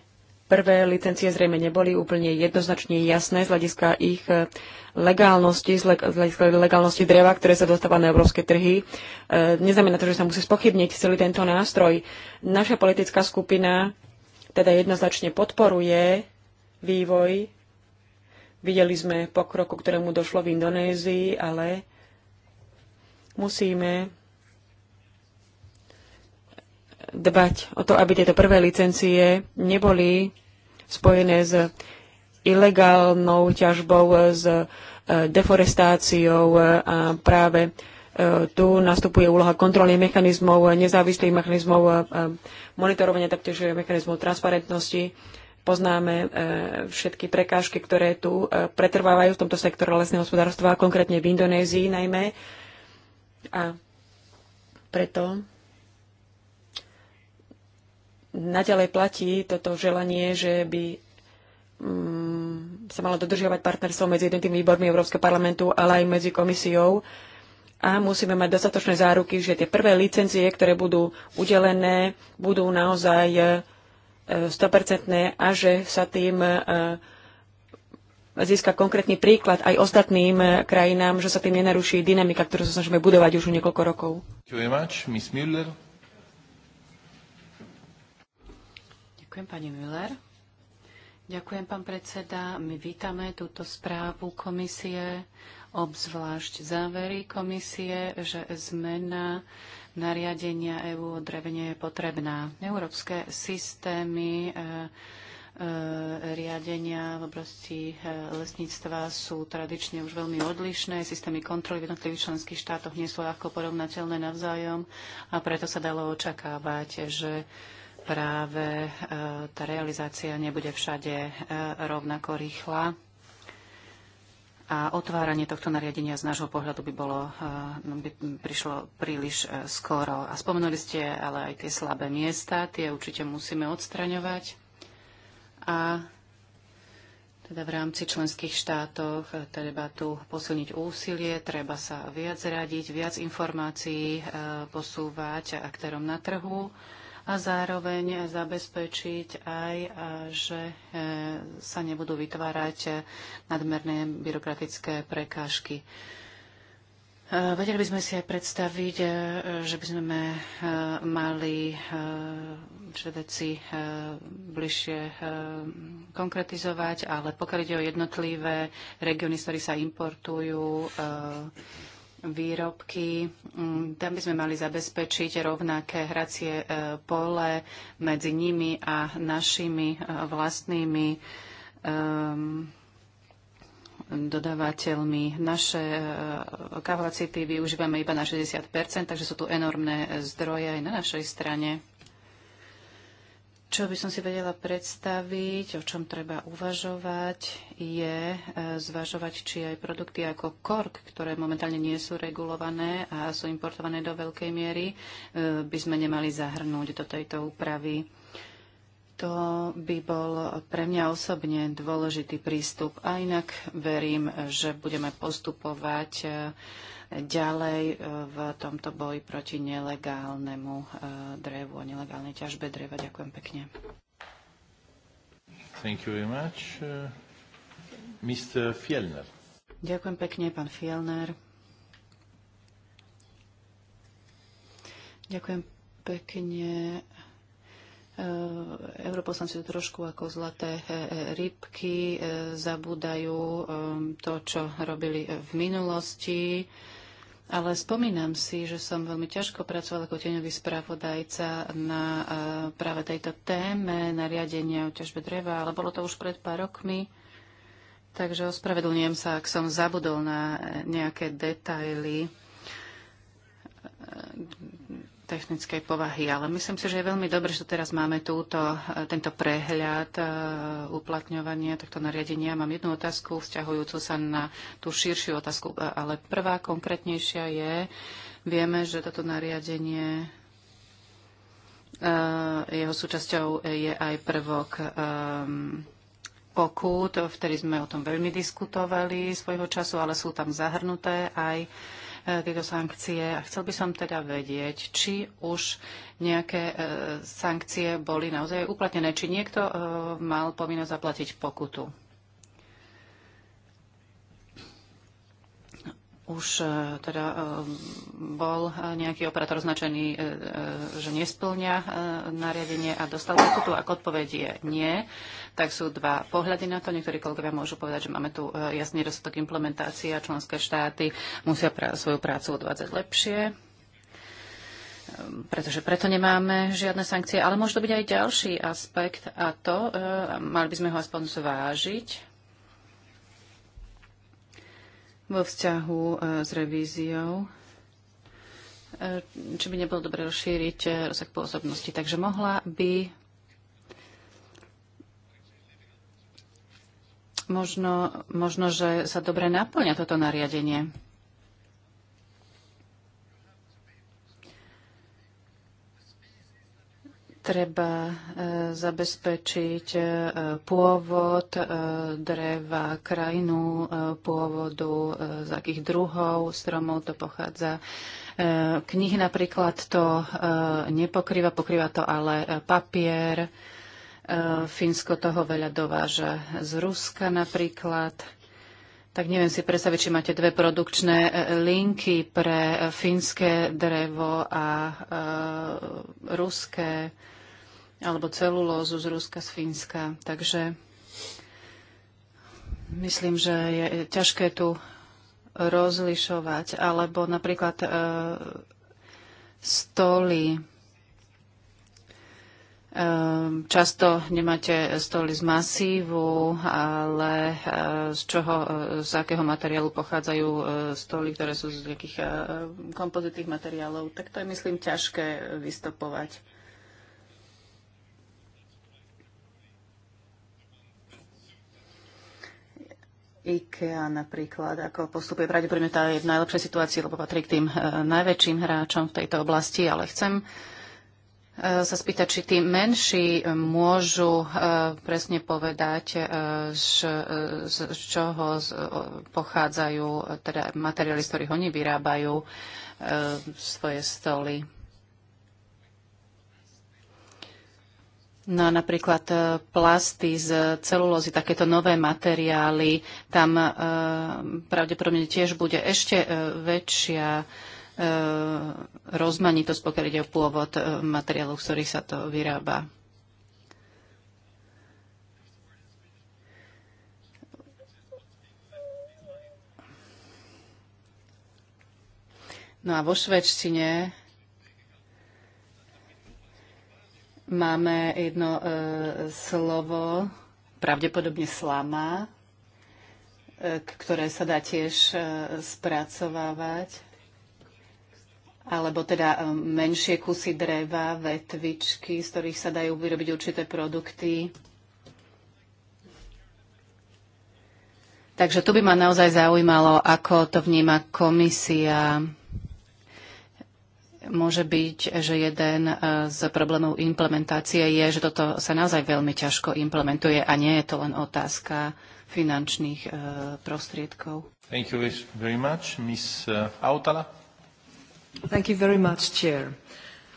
Prvé licencie zrejme neboli úplne jednoznačne jasné z hľadiska ich e, legálnosti, z hľadiska legálnosti dreva, ktoré sa dostáva na európske trhy. E, neznamená to, že sa musí spochybniť celý tento nástroj. Naša politická skupina teda jednoznačne podporuje vývoj. Videli sme pokroku, ktorému došlo v Indonézii, ale musíme dbať o to, aby tieto prvé licencie neboli spojené s ilegálnou ťažbou, s e, deforestáciou e, a práve e, tu nastupuje úloha kontroly mechanizmov, nezávislých mechanizmov monitorovania, taktiež mechanizmov transparentnosti. Poznáme všetky prekážky, ktoré tu pretrvávajú v tomto sektore lesného hospodárstva, konkrétne v Indonézii najmä. A preto naďalej platí toto želanie, že by mm, sa malo dodržiavať partnerstvo medzi jednotými výbormi Európskeho parlamentu, ale aj medzi komisiou. A musíme mať dostatočné záruky, že tie prvé licencie, ktoré budú udelené, budú naozaj 100% e, a že sa tým e, získa konkrétny príklad aj ostatným e, krajinám, že sa tým nenaruší dynamika, ktorú sa snažíme budovať už u niekoľko rokov. Ďakujem pani Müller. Ďakujem, pán predseda. My vítame túto správu komisie, obzvlášť závery komisie, že zmena nariadenia EÚ o drevne je potrebná. Európske systémy e, e riadenia v oblasti e, lesníctva sú tradične už veľmi odlišné. Systémy kontroly v jednotlivých členských štátoch nie sú ľahko porovnateľné navzájom a preto sa dalo očakávať, že práve e, tá realizácia nebude všade e, rovnako rýchla. A otváranie tohto nariadenia z nášho pohľadu by, bolo, e, by prišlo príliš skoro. A spomenuli ste ale aj tie slabé miesta, tie určite musíme odstraňovať. A teda v rámci členských štátov treba tu posilniť úsilie, treba sa viac radiť, viac informácií posúvať aktérom na trhu a zároveň zabezpečiť aj, že e, sa nebudú vytvárať nadmerné byrokratické prekážky. E, vedeli by sme si aj predstaviť, e, že by sme mali že veci bližšie konkretizovať, ale pokiaľ ide o jednotlivé regióny, z ktorých sa importujú výrobky. Mm, tam by sme mali zabezpečiť rovnaké hracie e, pole medzi nimi a našimi e, vlastnými ehm, dodávateľmi. Naše e, kapacity využívame iba na 60 takže sú tu enormné zdroje aj na našej strane. Čo by som si vedela predstaviť, o čom treba uvažovať, je e, zvažovať, či aj produkty ako kork, ktoré momentálne nie sú regulované a sú importované do veľkej miery, e, by sme nemali zahrnúť do tejto úpravy. To by bol pre mňa osobne dôležitý prístup a inak verím, že budeme postupovať e, ďalej e, v tomto boji proti nelegálnemu e, drevu a nelegálnej ťažbe dreva. Ďakujem pekne. Thank you very much. Uh, Mr. Fielner. Ďakujem pekne, pán Fielner. Ďakujem pekne. Eh, europoslanci sú trošku ako zlaté eh, eh, rybky, zabúdajú ehm, to, čo robili v minulosti. Ale spomínam si, že som veľmi ťažko pracovala ako tieňový spravodajca na práve tejto téme, na riadenia o ťažbe dreva, ale bolo to už pred pár rokmi. Takže ospravedlňujem sa, ak som zabudol na nejaké detaily technickej povahy, ale myslím si, že je veľmi dobré, že teraz máme túto, e, tento prehľad e, uplatňovania tohto nariadenia. Mám jednu otázku vzťahujúcu sa na tú širšiu otázku, e, ale prvá konkrétnejšia je, vieme, že toto nariadenie jeho súčasťou je aj prvok pokút, vtedy sme o tom veľmi diskutovali svojho času, ale sú tam zahrnuté aj E, tieto sankcie. A chcel by som teda vedieť, či už nejaké e, sankcie boli naozaj uplatnené, či niekto e, mal povinnosť zaplatiť pokutu. už e, teda e, bol nejaký operátor označený, e, že nesplňa nariadenie a dostal pokutu, ak odpoveď je nie, tak sú dva pohľady na to. Niektorí kolegovia môžu povedať, že máme tu jasný dostatok implementácie a členské štáty musia pra- svoju prácu odvádzať lepšie pretože preto nemáme žiadne sankcie. Ale môže to byť aj ďalší aspekt a to, e, mali by sme ho aspoň zvážiť, vo vzťahu e, s revíziou, e, či by nebolo dobre rozšíriť e, rozsah pôsobnosti. Takže mohla by možno, možno, že sa dobre naplňa toto nariadenie. treba e, zabezpečiť e, pôvod e, dreva, krajinu pôvodu, z akých druhov stromov to pochádza. Knihy napríklad to nepokrýva, pokrýva to ale papier. Fínsko toho veľa dováža z Ruska napríklad. Tak neviem si predstaviť, či máte dve produkčné linky pre fínske drevo a e, ruské alebo celulózu z Ruska, z Fínska. Takže myslím, že je ťažké tu rozlišovať. Alebo napríklad e, stoly. E, často nemáte stoly z masívu, ale e, z čoho, e, z akého materiálu pochádzajú e, stoly, ktoré sú z nejakých e, kompozitných materiálov. Tak to je, myslím, ťažké vystopovať. IKEA napríklad, ako postupuje pravdepodobne tá je v najlepšej situácii, lebo patrí k tým e, najväčším hráčom v tejto oblasti, ale chcem e, sa spýtať, či tí menší e, môžu presne povedať, z čoho pochádzajú teda materiály, z ktorých oni vyrábajú svoje stoly. No a napríklad e, plasty z celulózy, takéto nové materiály, tam e, pravdepodobne tiež bude ešte e, väčšia e, rozmanitosť, pokiaľ ide o pôvod e, materiálov, z ktorých sa to vyrába. No a vo švedčine Máme jedno e, slovo, pravdepodobne slama, e, ktoré sa dá tiež e, spracovávať. Alebo teda e, menšie kusy dreva, vetvičky, z ktorých sa dajú vyrobiť určité produkty. Takže tu by ma naozaj zaujímalo, ako to vníma komisia Môže byť, že jeden e, z problémov implementácie je, že toto sa naozaj veľmi ťažko implementuje a nie je to len otázka finančných e, prostriedkov. Thank you very much, Ms. E, Autala. Thank you very much, Chair.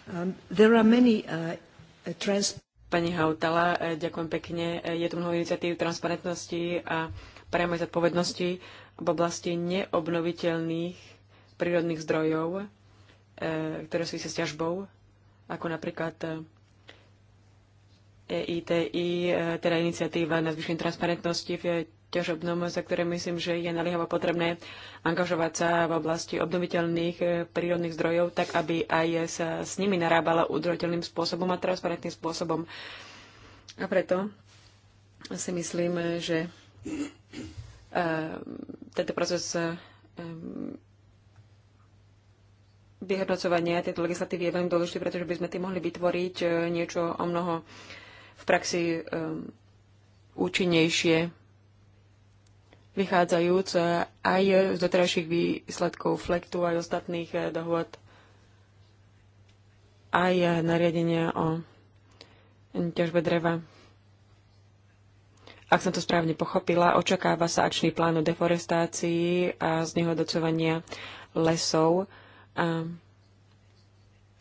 Um, there are many uh, uh trans... Pani Hautala, ďakujem pekne. Je tu mnoho iniciatív transparentnosti a priamej zodpovednosti v oblasti neobnoviteľných prírodných zdrojov E, ktoré súvisia s ťažbou, ako napríklad EITI, e e, teda iniciatíva na zvýšenie transparentnosti v ťažobnom ktoré myslím, že je naliehavo potrebné angažovať sa v oblasti obnoviteľných prírodných zdrojov, tak aby aj sa s nimi narábala udržateľným spôsobom a transparentným spôsobom. A preto si myslím, že tento proces vyhodnocovania tejto legislatívy je veľmi dôležitý, pretože by sme tým mohli vytvoriť e, niečo o mnoho v praxi um, účinnejšie, vychádzajúc e, aj z doterajších výsledkov flektu aj ostatných dohôd, aj nariadenia o ťažbe dreva. Ak som to správne pochopila, očakáva sa akčný plán o deforestácii a znehodocovania lesov a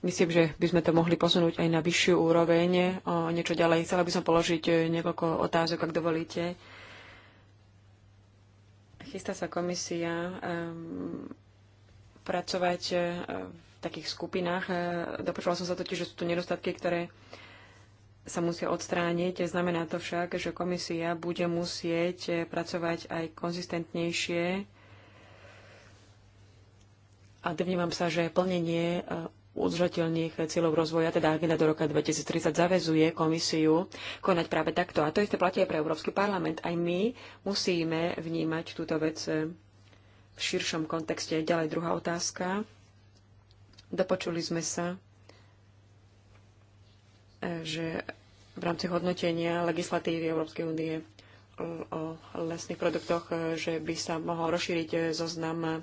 myslím, že by sme to mohli posunúť aj na vyššiu úroveň, o niečo ďalej. Chcela by som položiť niekoľko otázok, ak dovolíte. Chystá sa komisia um, pracovať uh, v takých skupinách. Uh, dopočula som sa totiž, že sú tu nedostatky, ktoré sa musia odstrániť. Znamená to však, že komisia bude musieť uh, pracovať aj konzistentnejšie a domnívam sa, že plnenie e, udržateľných cieľov rozvoja, teda agenda do roka 2030, zavezuje komisiu konať práve takto. A to isté platí aj pre Európsky parlament. Aj my musíme vnímať túto vec e, v širšom kontexte. Ďalej druhá otázka. Dopočuli sme sa, e, že v rámci hodnotenia legislatívy Európskej únie o lesných produktoch, že by sa mohol rozšíriť zoznam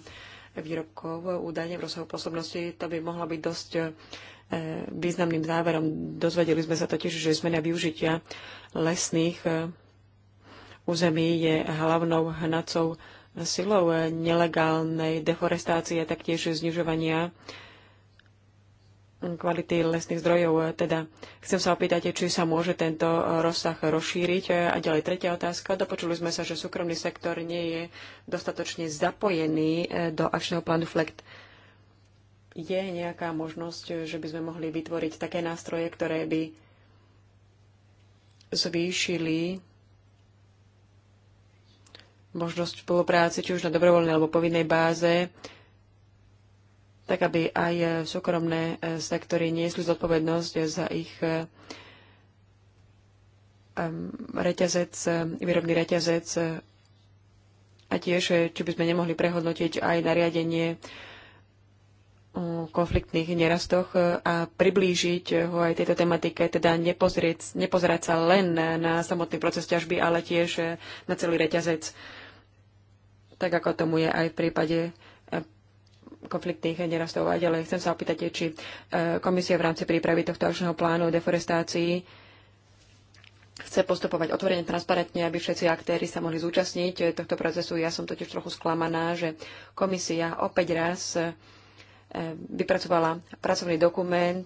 výrobkov údajne v rozsahu pôsobnosti, to by mohlo byť dosť e, významným záverom. Dozvedeli sme sa totiž, že zmena využitia lesných e, území je hlavnou hnacou silou nelegálnej deforestácie, taktiež znižovania kvality lesných zdrojov. Teda chcem sa opýtať, či sa môže tento rozsah rozšíriť. A ďalej tretia otázka. Dopočuli sme sa, že súkromný sektor nie je dostatočne zapojený eh, do akčného plánu FLECT. Je nejaká možnosť, že by sme mohli vytvoriť také nástroje, ktoré by zvýšili možnosť spolupráce, či už na dobrovoľnej alebo povinnej báze tak aby aj e, súkromné e, sektory niesli zodpovednosť za ich e, reťazec, výrobný reťazec a tiež, či by sme nemohli prehodnotiť aj nariadenie o konfliktných nerastoch a priblížiť ho aj tejto tematike, teda nepozrieť, nepozerať sa len na samotný proces ťažby, ale tiež na celý reťazec, tak ako tomu je aj v prípade konfliktných nerastov a ďalej. Chcem sa opýtať, či e, komisia v rámci prípravy tohto akčného plánu o deforestácii chce postupovať otvorene, transparentne, aby všetci aktéry sa mohli zúčastniť e, tohto procesu. Ja som totiž trochu sklamaná, že komisia opäť raz e, vypracovala pracovný dokument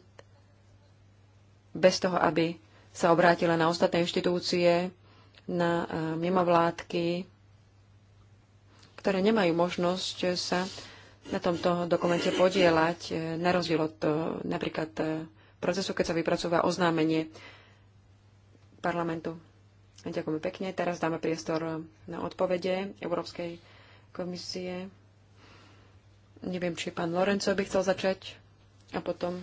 bez toho, aby sa obrátila na ostatné inštitúcie, na mimovládky, ktoré nemajú možnosť sa na tomto dokumente podielať, e, na rozdiel od e, napríklad e, procesu, keď sa vypracúva oznámenie parlamentu. Ďakujem pekne. Teraz dáme priestor na odpovede Európskej komisie. Neviem, či pán Lorenco by chcel začať a potom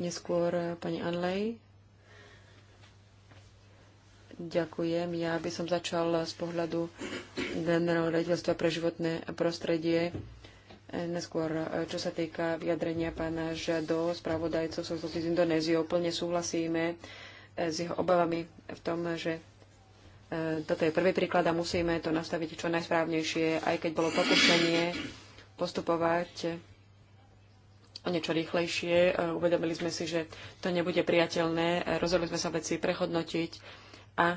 neskôr pani Anlej. Ďakujem. Ja by som začal z pohľadu generálneho rediteľstva pre životné prostredie. E, Neskôr, e, čo sa týka vyjadrenia pána Žado, spravodajcov som s Indonéziou, plne súhlasíme e, s jeho obavami v tom, že toto je prvý príklad a musíme to nastaviť čo najsprávnejšie, aj keď bolo pokušenie postupovať o niečo rýchlejšie. Uvedomili sme si, že to nebude priateľné. Rozhodli sme sa veci prehodnotiť a e,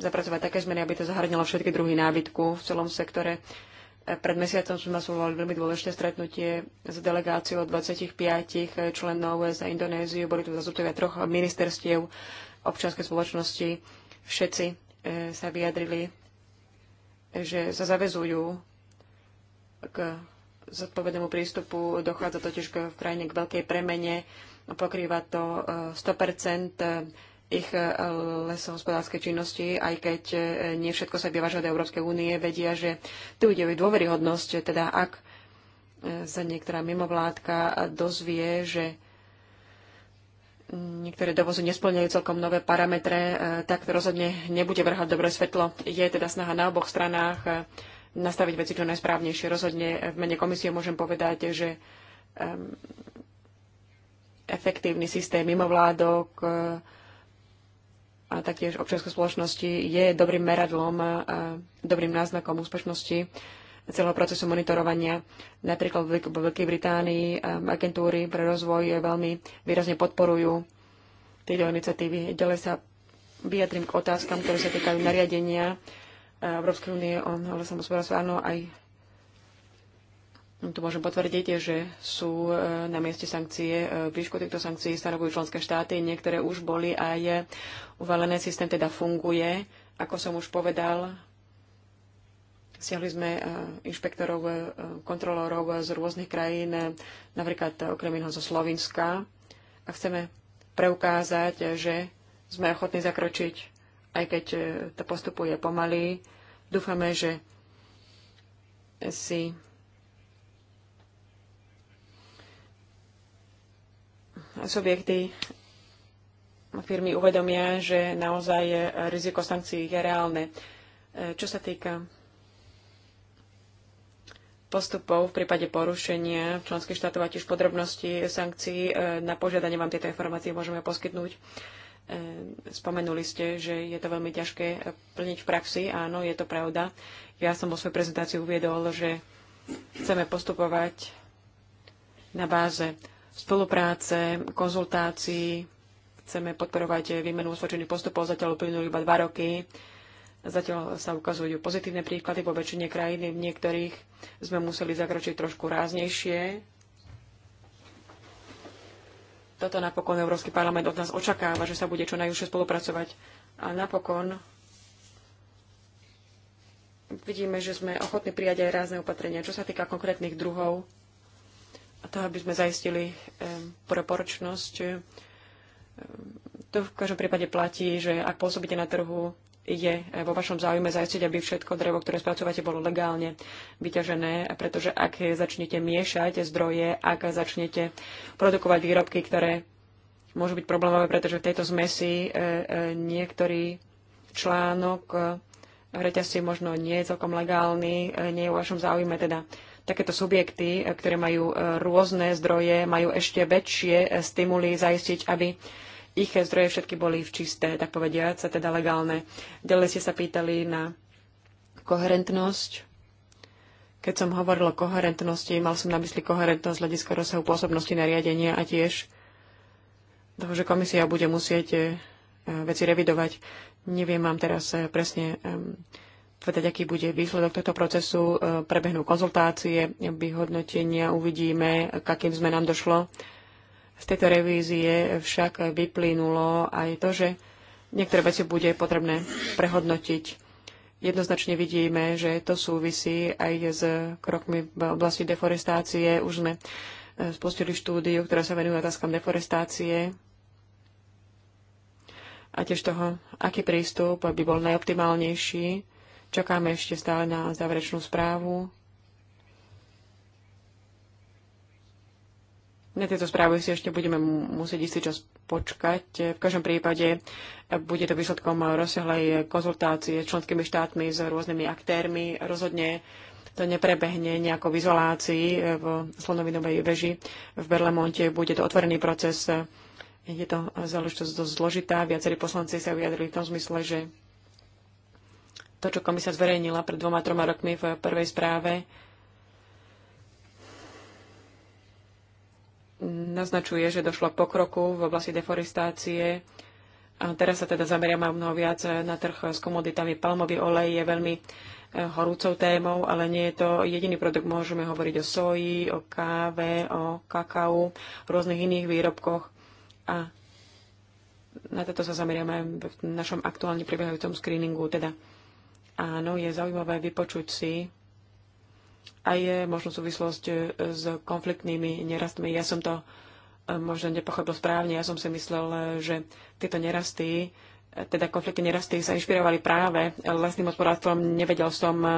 zapracovať také zmeny, aby to zahrňalo všetky druhy nábytku v celom sektore. E, pred mesiacom sme absolvovali veľmi dôležité stretnutie s delegáciou 25 členov za Indonéziu. Boli tu zastupcovia troch ministerstiev občianskej spoločnosti. Všetci e, sa vyjadrili, že sa zavezujú k zodpovednému prístupu. Dochádza totiž v krajine k veľkej premene. Pokrýva to 100 ich eh, lesohospodárske činnosti, aj keď eh, nie všetko sa vyvažuje do Európskej únie, vedia, že tu ide o dôveryhodnosť, teda ak eh, sa niektorá mimovládka dozvie, že mm, niektoré dovozy nesplňajú celkom nové parametre, tak to rozhodne nebude vrhať dobré svetlo. Je teda snaha na oboch stranách nastaviť veci čo najsprávnejšie. Rozhodne v mene komisie môžem povedať, že efektívny systém mimovládok, a taktiež občianskej spoločnosti je dobrým meradlom a dobrým náznakom úspešnosti celého procesu monitorovania. Napríklad vo Veľkej Británii um, agentúry pre rozvoj veľmi výrazne podporujú tieto iniciatívy. Ďalej sa vyjadrím k otázkam, ktoré sa týkajú nariadenia uh, Európskej únie o hospodárstve. Áno, aj No, tu môžem potvrdiť, že sú e, na mieste sankcie. E, výšku týchto sankcií stanovujú členské štáty. Niektoré už boli a je uvalené. Systém teda funguje. Ako som už povedal, siahli sme e, inšpektorov, kontrolórov z rôznych krajín, napríklad okrem iného zo Slovenska. A chceme preukázať, že sme ochotní zakročiť, aj keď to postupuje pomaly. Dúfame, že si subjekty firmy uvedomia, že naozaj riziko sankcií je reálne. E, čo sa týka postupov v prípade porušenia členských štátov a tiež podrobnosti sankcií, e, na požiadanie vám tieto informácie môžeme poskytnúť. E, spomenuli ste, že je to veľmi ťažké plniť v praxi. Áno, je to pravda. Ja som vo svojej prezentácii uviedol, že chceme postupovať na báze spolupráce, konzultácií. Chceme podporovať výmenu osvedčených postupov. Zatiaľ uplynuli iba dva roky. Zatiaľ sa ukazujú pozitívne príklady vo väčšine krajiny, V niektorých sme museli zakročiť trošku ráznejšie. Toto napokon Európsky parlament od nás očakáva, že sa bude čo najúžšie spolupracovať. A napokon vidíme, že sme ochotní prijať aj rázne opatrenia. Čo sa týka konkrétnych druhov, to, aby sme zaistili proporčnosť. To v každom prípade platí, že ak pôsobíte na trhu, je eh, vo vašom záujme zajistiť, aby všetko drevo, ktoré spracovate, bolo legálne vyťažené, pretože ak začnete miešať zdroje, ak začnete produkovať výrobky, ktoré môžu byť problémové, pretože v tejto zmesi eh, eh, niektorý článok reťazci možno nie je celkom legálny, nie je vo vašom záujme teda takéto subjekty, e, ktoré majú e, rôzne zdroje, majú ešte väčšie e, stimuly zaistiť, aby ich zdroje všetky boli v čisté, tak povediať, sa teda legálne. Ďalej ste sa pýtali na koherentnosť. Keď som hovoril o koherentnosti, mal som na mysli koherentnosť hľadiska rozsahu pôsobnosti nariadenia a tiež toho, že komisia bude musieť veci revidovať. Neviem vám teraz presne povedať, aký bude výsledok tohto procesu. E, prebehnú konzultácie, vyhodnotenia, uvidíme, k akým zmenám došlo. Z tejto revízie však vyplynulo aj to, že niektoré veci bude potrebné prehodnotiť. Jednoznačne vidíme, že to súvisí aj s krokmi v oblasti deforestácie. Už sme e, spustili štúdiu, ktorá sa venuje otázkam deforestácie a tiež toho, aký prístup by bol najoptimálnejší Čakáme ešte stále na záverečnú správu. Na tieto správy si ešte budeme musieť istý čas počkať. V každom prípade bude to výsledkom rozsiahlej konzultácie s členskými štátmi, s rôznymi aktérmi. Rozhodne to neprebehne nejako v izolácii v slonovinovej veži v Berlemonte. Bude to otvorený proces. Je to záležitosť dosť zložitá. Viacerí poslanci sa vyjadrili v tom zmysle, že to, čo komisia zverejnila pred dvoma, troma rokmi v prvej správe, naznačuje, že došlo k pokroku v oblasti deforestácie. A teraz sa teda zameriam mnoho viac na trh s komoditami. Palmový olej je veľmi eh, horúcou témou, ale nie je to jediný produkt. Môžeme hovoriť o soji, o káve, o kakau, o rôznych iných výrobkoch. A na toto sa zameriame v našom aktuálne prebiehajúcom screeningu. Teda Áno, je zaujímavé vypočuť si aj možno súvislosť e, s konfliktnými nerastmi. Ja som to e, možno nepochopil správne. Ja som si myslel, e, že tieto nerasty teda konflikty nerasty sa inšpirovali práve lesným hospodárstvom. Nevedel som, e,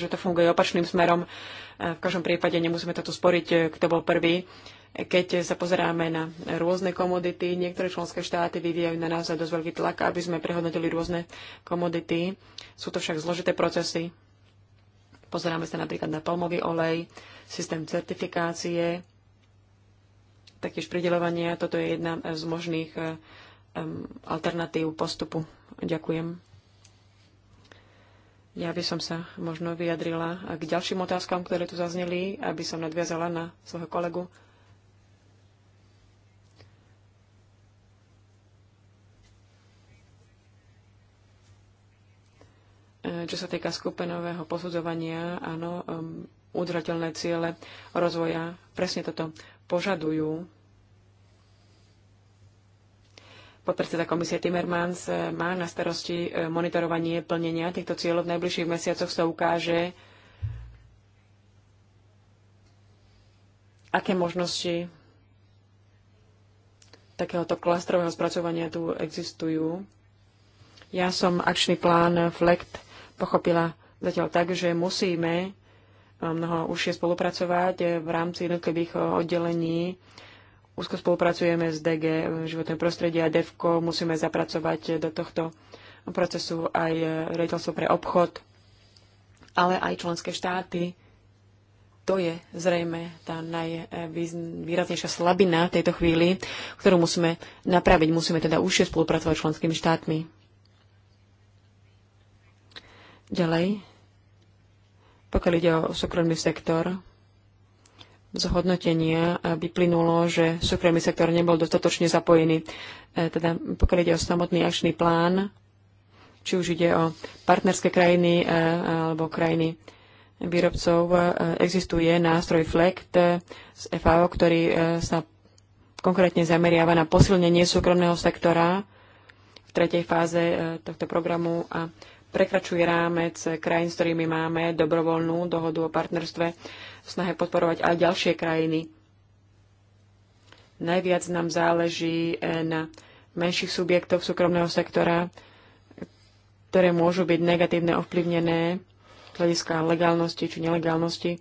že to funguje opačným smerom. E, v každom prípade nemusíme toto sporiť, e, kto bol prvý. Keď sa pozeráme na rôzne komodity, niektoré členské štáty vyvíjajú na nás dosť veľký tlak, aby sme prehodnotili rôzne komodity. Sú to však zložité procesy. Pozeráme sa napríklad na palmový olej, systém certifikácie, taktiež pridelovanie. Toto je jedna z možných alternatívu postupu. Ďakujem. Ja by som sa možno vyjadrila k ďalším otázkam, ktoré tu zazneli, aby som nadviazala na svojho kolegu. E, čo sa týka skupinového posudzovania, áno, udržateľné ciele rozvoja presne toto požadujú Podpredseda komisie Timmermans eh, má na starosti eh, monitorovanie plnenia týchto cieľov. V najbližších mesiacoch sa ukáže, aké možnosti takéhoto klastrového spracovania tu existujú. Ja som akčný plán FLECT pochopila zatiaľ tak, že musíme eh, mnoho užšie spolupracovať v rámci jednotlivých oddelení Úzko spolupracujeme s DG životné prostredie a DEVKO. Musíme zapracovať do tohto procesu aj rediteľstvo pre obchod, ale aj členské štáty. To je zrejme tá najvýraznejšia slabina tejto chvíli, ktorú musíme napraviť. Musíme teda užšie spolupracovať s členskými štátmi. Ďalej, pokiaľ ide o súkromný sektor, z hodnotenia eh, vyplynulo, že súkromný sektor nebol dostatočne zapojený. Eh, teda pokiaľ ide o samotný akčný plán, či už ide o partnerské krajiny eh, alebo krajiny výrobcov, existuje nástroj FLECT z FAO, ktorý sa konkrétne zameriava na posilnenie súkromného sektora v tretej fáze tohto programu a prekračuje rámec krajín, s ktorými máme dobrovoľnú dohodu o partnerstve v snahe podporovať aj ďalšie krajiny. Najviac nám záleží eh, na menších subjektov súkromného sektora, ktoré môžu byť negatívne ovplyvnené z hľadiska legálnosti či nelegálnosti.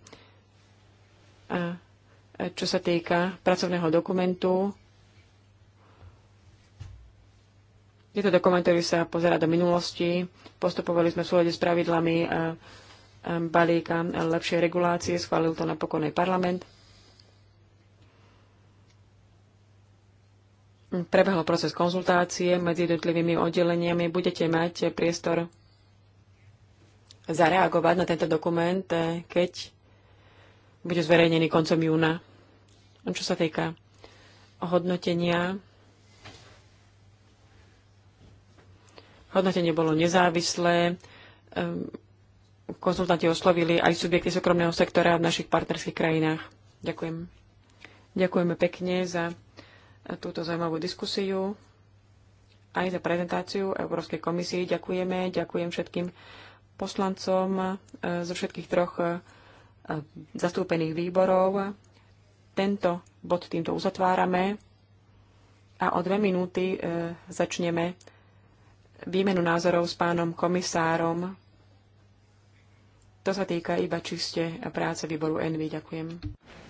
A eh, čo sa týka pracovného dokumentu, je to dokument, ktorý sa pozera do minulosti. Postupovali sme v súlade s pravidlami eh, balíka lepšej regulácie. Schválil to napokon aj parlament. Prebehol proces konzultácie medzi jednotlivými oddeleniami. Budete mať priestor zareagovať na tento dokument, eh, keď bude zverejnený koncom júna. Čo sa týka hodnotenia, hodnotenie bolo nezávislé, ehm, konzultanti oslovili aj subjekty súkromného sektora v našich partnerských krajinách. Ďakujem. Ďakujeme pekne za túto zaujímavú diskusiu aj za prezentáciu Európskej komisii. Ďakujeme, ďakujem všetkým poslancom e, zo všetkých troch e, zastúpených výborov. Tento bod týmto uzatvárame a o dve minúty e, začneme výmenu názorov s pánom komisárom to sa týka iba čiste práce výboru ENVY. Ďakujem.